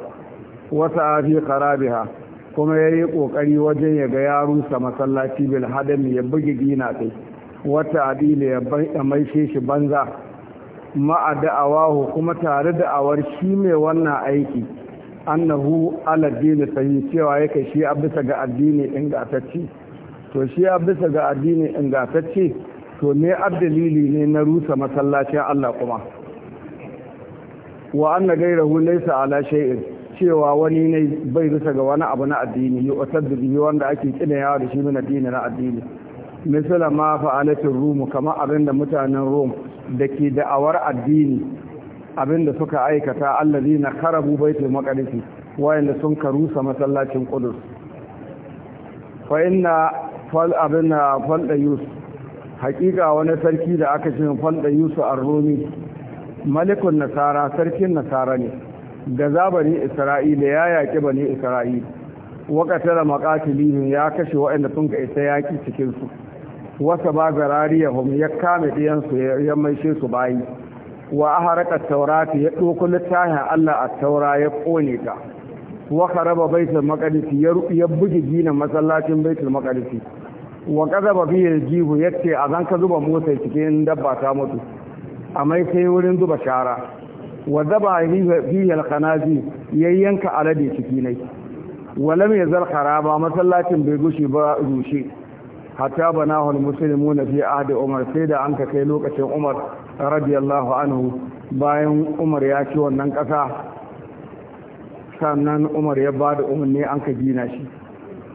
wata afi karabiha kuma ya yi ƙoƙari wajen ya ga ya rusa bil hadami ya bugi dina sai wata adila ya maishe shi banza ma'a kuma tare da awar shi mai wannan aiki annahu ala dini sahi cewa yake shi a bisa ga addini ingantacce to shi a bisa ga addini ingantacce to me abdalili ne na rusa masallacin Allah kuma wa anna gairahu laysa ala shay'in cewa wani ne bai rusa ga wani abu na addini yi otaddu bihi wanda ake kinayawa da shi min addini na addini misala ma fa'alatin rum kamar abin da mutanen rum da ke da'awar addini abin da suka aikata allazi na karabu baitul maqdis wayanda sun karusa masallacin qudus fa inna fal abin fal da yusuf hakika wani sarki da aka cin fanda yusuf ar-rumi malikun nasara sarkin nasara ne da za zabani isra'ila ya yaƙi bani isra'ila waƙatar maƙatilihim ya kashe waɗanda sun ka isa yaƙi cikinsu wasa ba zarariyahum ya kame ɗiyansu ya maishe su bayi wa a harakar taurati ya ɗauko littafin Allah a taura ya ƙone ta wa raba baitul maqdis ya bugi ginin masallacin baitul maqdis wa ba fiye jihu ce a zan ka zuba motsa cikin dabba ta mutu a mai sai wurin zuba shara wa zaba fiye kanazi ya yanka alade ciki ne Wale mai zal haraba masallacin bai gushi ba rushe hatta banahul fiye fi da umar sai da an ka kai lokacin umar radiyallahu anhu bayan umar ya ci wannan kasa sannan umar ya ba da umarni an ka gina shi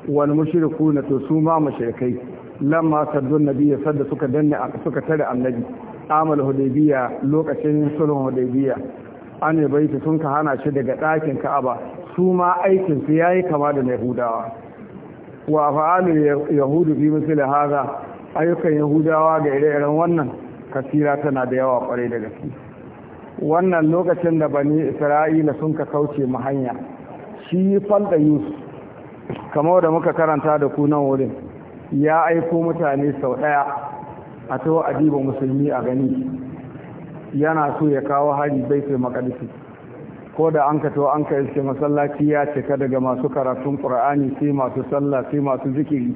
Wani wal na to su ma mushrikai lamma saddun nabiyya sadda suka danne suka tare annabi amal hudaybiya lokacin sulhun hudaybiya an baiti sun ka hana shi daga ɗakin ka'aba su ma aikin su yayi kama da yahudawa wa fa'alu yahudu bi misli hada ayyukan yahudawa ga ire-iren wannan kasira tana da yawa kwarai da gaske wannan lokacin da bani isra'ila sun ka kauce mahanya hanya shi falda yusuf kamar da muka karanta da ku wurin ya aiko mutane sau ɗaya a taho adiba musulmi a gani yana so ya kawo hari fi maqdis ko da an ka an ka iske masallaci ya cika daga masu karatun ƙur'ani, sai masu sallah sai masu zikiri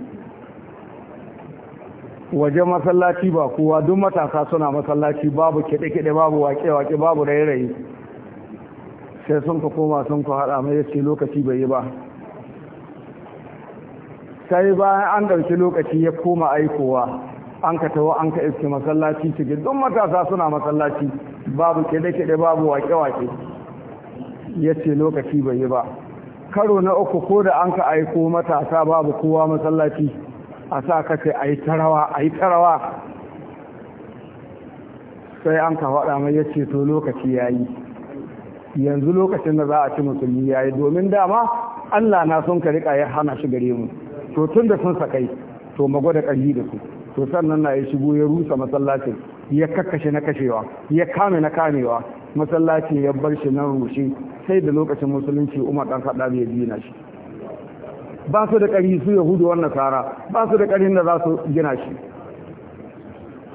waje masallaci ba kowa duk matasa suna masallaci babu kiɗe-kiɗe babu wake-wake babu rairayi sai sun ka koma sun ka haɗa mai yace lokaci bai yi ba sai bayan an ɗauki lokaci ya koma aikowa an ka taho an ka iske masallaci cikin duk matasa suna masallaci babu kede-kede babu wake-wake ya ce lokaci bai yi ba karo na uku ko da an ka aiko matasa babu kowa masallaci a sa ka ce a yi tarawa a yi tarawa sai an ka faɗa mai ya ce to lokaci ya yi yanzu lokacin da za a ci musulmi ya yi domin dama allah na sun ka riƙa ya hana shi gare mu to tun da sun sakai to magwada ƙarfi da su to sannan na ya shigo ya rusa masallacin ya kakkashe na kashewa ya kame na kamewa masallaci ya bar shi nan rushe sai da lokacin musulunci umar dan kaɗa ya gina shi ba su da ƙari su yahudu wannan tsara ba su da ƙarin da za su gina shi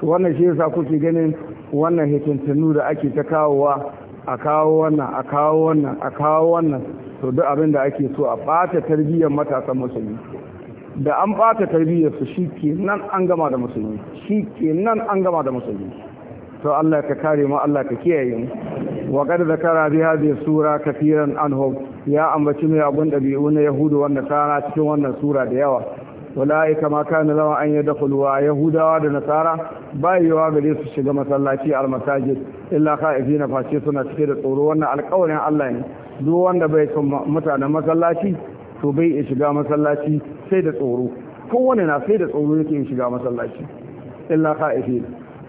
wannan shi yasa kuke ganin wannan hikintunu da ake ta kawowa a kawo wannan a kawo wannan a kawo wannan to duk abin da ake so a ɓata tarbiyyar matasan musulmi da an bata tarbiyyarsu shi ke nan an gama da musulmi shi ke nan an gama da musulmi to Allah ka kare mu Allah ka kiyaye mu wa qad zakara bi hadhihi sura kathiran anhum ya ambaci mai abun dabi'u na yahudu wanda kana cikin wannan sura da yawa ulaika ma kana lawa an yadkhulu wa yahudawa da nasara yawa gare su shiga masallaci al-mata masajid illa khaifina face suna cike da tsoro wannan alƙawarin Allah ne duk wanda bai son mutanen masallaci to bai shiga masallaci sai da tsoro kowane na sai da tsoro yake shiga masallaci illa ka'ifin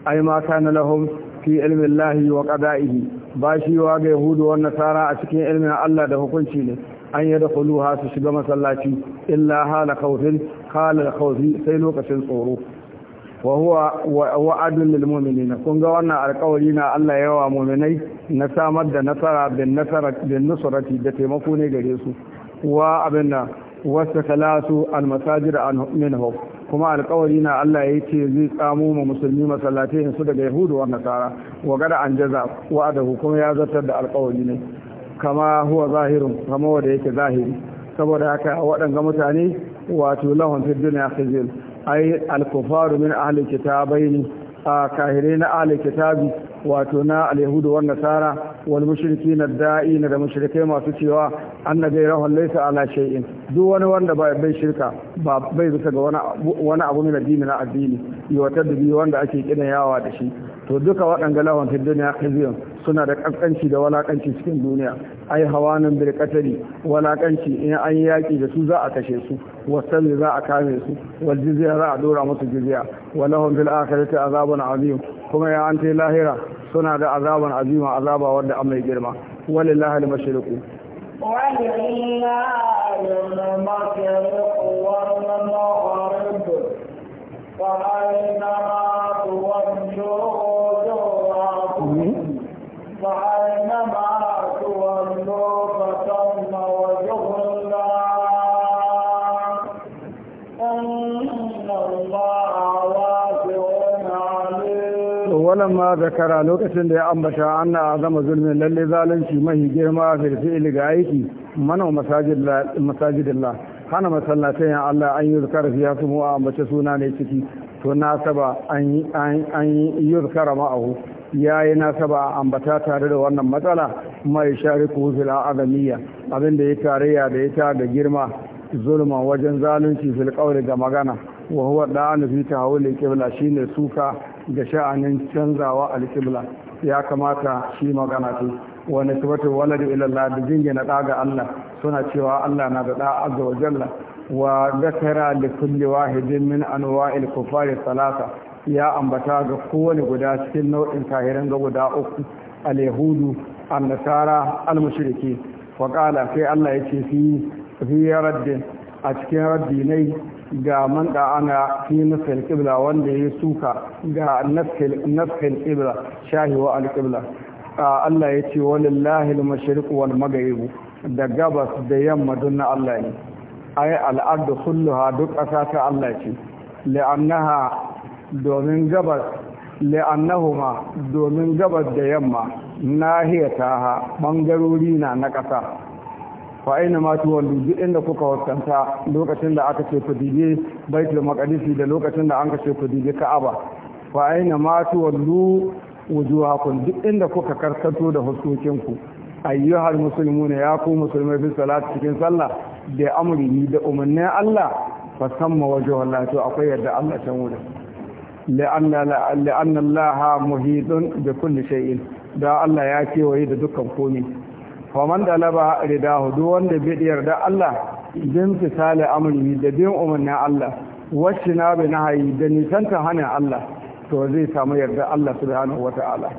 ai ma kana lahum fi ilmi llahi wa qada'ihi ba shi wa ga yahudu wa nasara a cikin ilmin Allah da hukunci ne an ya da kuluha su shiga masallaci illa hala khawfin hala khawfi sai lokacin tsoro wa huwa wa'adun lil mu'minina kun ga wannan alƙawari na Allah yawa mu'minai na samar da nasara bin nasara bin nusrati da taimako ne gare su wa abinda wasu talatu almasajir minhu kuma alkawari na Allah ya ce zai tsamo ma musulmi masallatai su daga yahudu wa nasara wa gada an jaza wa'adahu kuma ya zartar da alkawari ne kama huwa zahirun kama wanda yake zahiri saboda haka waɗanga mutane wato lahun fi duniya khizil ai alkufaru min ahli kitabaini a kahire na ahli kitabi wato na alyahudu wani nasara wal da'i na da mushrikai masu cewa annabi rahon laysa ala shay'in duk wani wanda bai shirka ba bai bisa ga wani wani abu na addini na addini yawata dubi wanda ake kidan yawa da shi to duka waɗanga lahon fi duniya khizyun suna da kaskanci da walakanci cikin duniya ai hawanan bil qatari walakanci in an yaki da su za a kashe su wasan za a kame su wal jizya za a dora musu jizya wa lahum bil akhirati azabun azim kuma ya ante lahira suna da azaban azima azaba wanda an mai girma walillahi al mashriqu walillahi al mashriqu wal maghrib fa aina ma tuwajjuhu falamma zakara lokacin da ya ambata na zama zulmin lalle zalunci mahi girma fil ga aiki mana masajidillah hana masallatai ya Allah an yi zukara fiya su mu ambace suna ne ciki to na saba an yi an ma'ahu ya yi na saba ambata tare da wannan matsala mai ku fil azamiyya abinda ya tarayya da ya da girma zulma wajen zalunci fil qawli ga magana wa huwa da'anu fi tahawul qibla shine suka ga sha'anin canzawa alƙibla ya kamata shi magana ce wani tabbatar walad ilallah da jingina na ga Allah suna cewa Allah na da ɗa azza wa jalla wa zakara li kulli wahidin min anwa'il kufari salasa ya ambata ga kowane guda cikin nau'in kahirin ga guda uku al-yahudu an-nasara al-mushriki wa qala sai Allah ce fi fi raddin a cikin raddinai ga man ana fi nafil qibla wanda ya suka ga nafil nafil qibla shahi wa al A Allah ya ce walillahi lahil mashirku wani magayibu da gabas da yamma dunna Allah ne Ayi al'adu ardu ha duk ƙasa ta Allah ce la'annaha domin gabas la'annahuma domin gabas da yamma nahiyataha ɓangarori na na ƙasa fa aina ma tu duk inda kuka waskanta lokacin da aka ce ku dibe baitul maqdis da lokacin da an ka ce ku dibe ka'aba fa aina ma tu wallu wujuhakum duk inda kuka karkato da huskokinku ayyuhal muslimuna ya ku musulmai fi salat cikin sallah da amri da umarni Allah fa samma Allah to akwai yadda Allah ta wurin la'anna Allah muhidun bi kulli shay'in da Allah ya kewaye da dukkan komai faman da laba ridahu duk wanda bai yarda Allah bin fisali amri da bin umarnin Allah wacce na bi hayi da nisanta hanin Allah to zai samu yarda Allah subhanahu wata'ala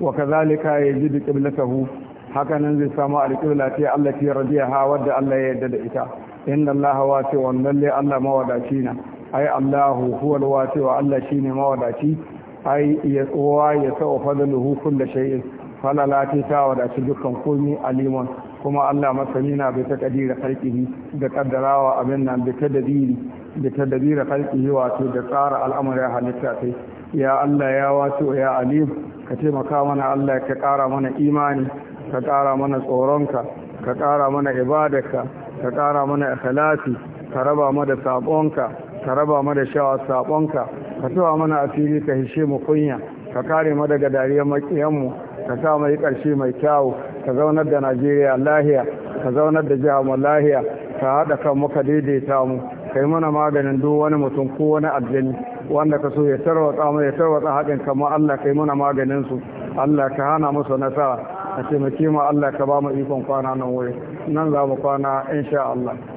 wa kazalika da qiblatahu haka nan zai samu alƙibla ta Allah ta yarda ha wadda Allah ya yarda da ita inna Allah wasi'un lalle Allah mawadaci na ai Allah huwa al wa Allah shine mawadaci ai ya tsowa ya sa'u fadluhu kullu shay'in falala ta ta wadaci dukkan komi aliman kuma Allah masani na bai ta kadira kalkihi da kaddarawa abin nan da ta dabiri da ta dabira kalkihi wato da tsara al'amarin halitta ta ya Allah ya wato ya alim ka taimaka mana Allah ka kara mana imani ka ƙara mana tsoronka ka ƙara mana ibadarka ka ƙara mana ikhlasi ka raba mu da sabonka ka raba mu da shawa sabonka ka tawa mana asiri ka hishe mu kunya ka kare mu daga dariyar makiyanmu ka kawo mai ƙarshe mai kyawu ka zaunar da najeriya lahiya ka zaunar da jihar mu lahiya ka haɗa kan muka daidaita mu ka yi mana maganin duk wani mutum ko wani aljani wanda ka so ya tarwatsa mu ya tarwatsa haɗin kama allah kai yi mana maganin su allah ka hana musu nasara a taimake mu allah ka ba mu ikon kwana nan wuri nan za mu kwana insha allah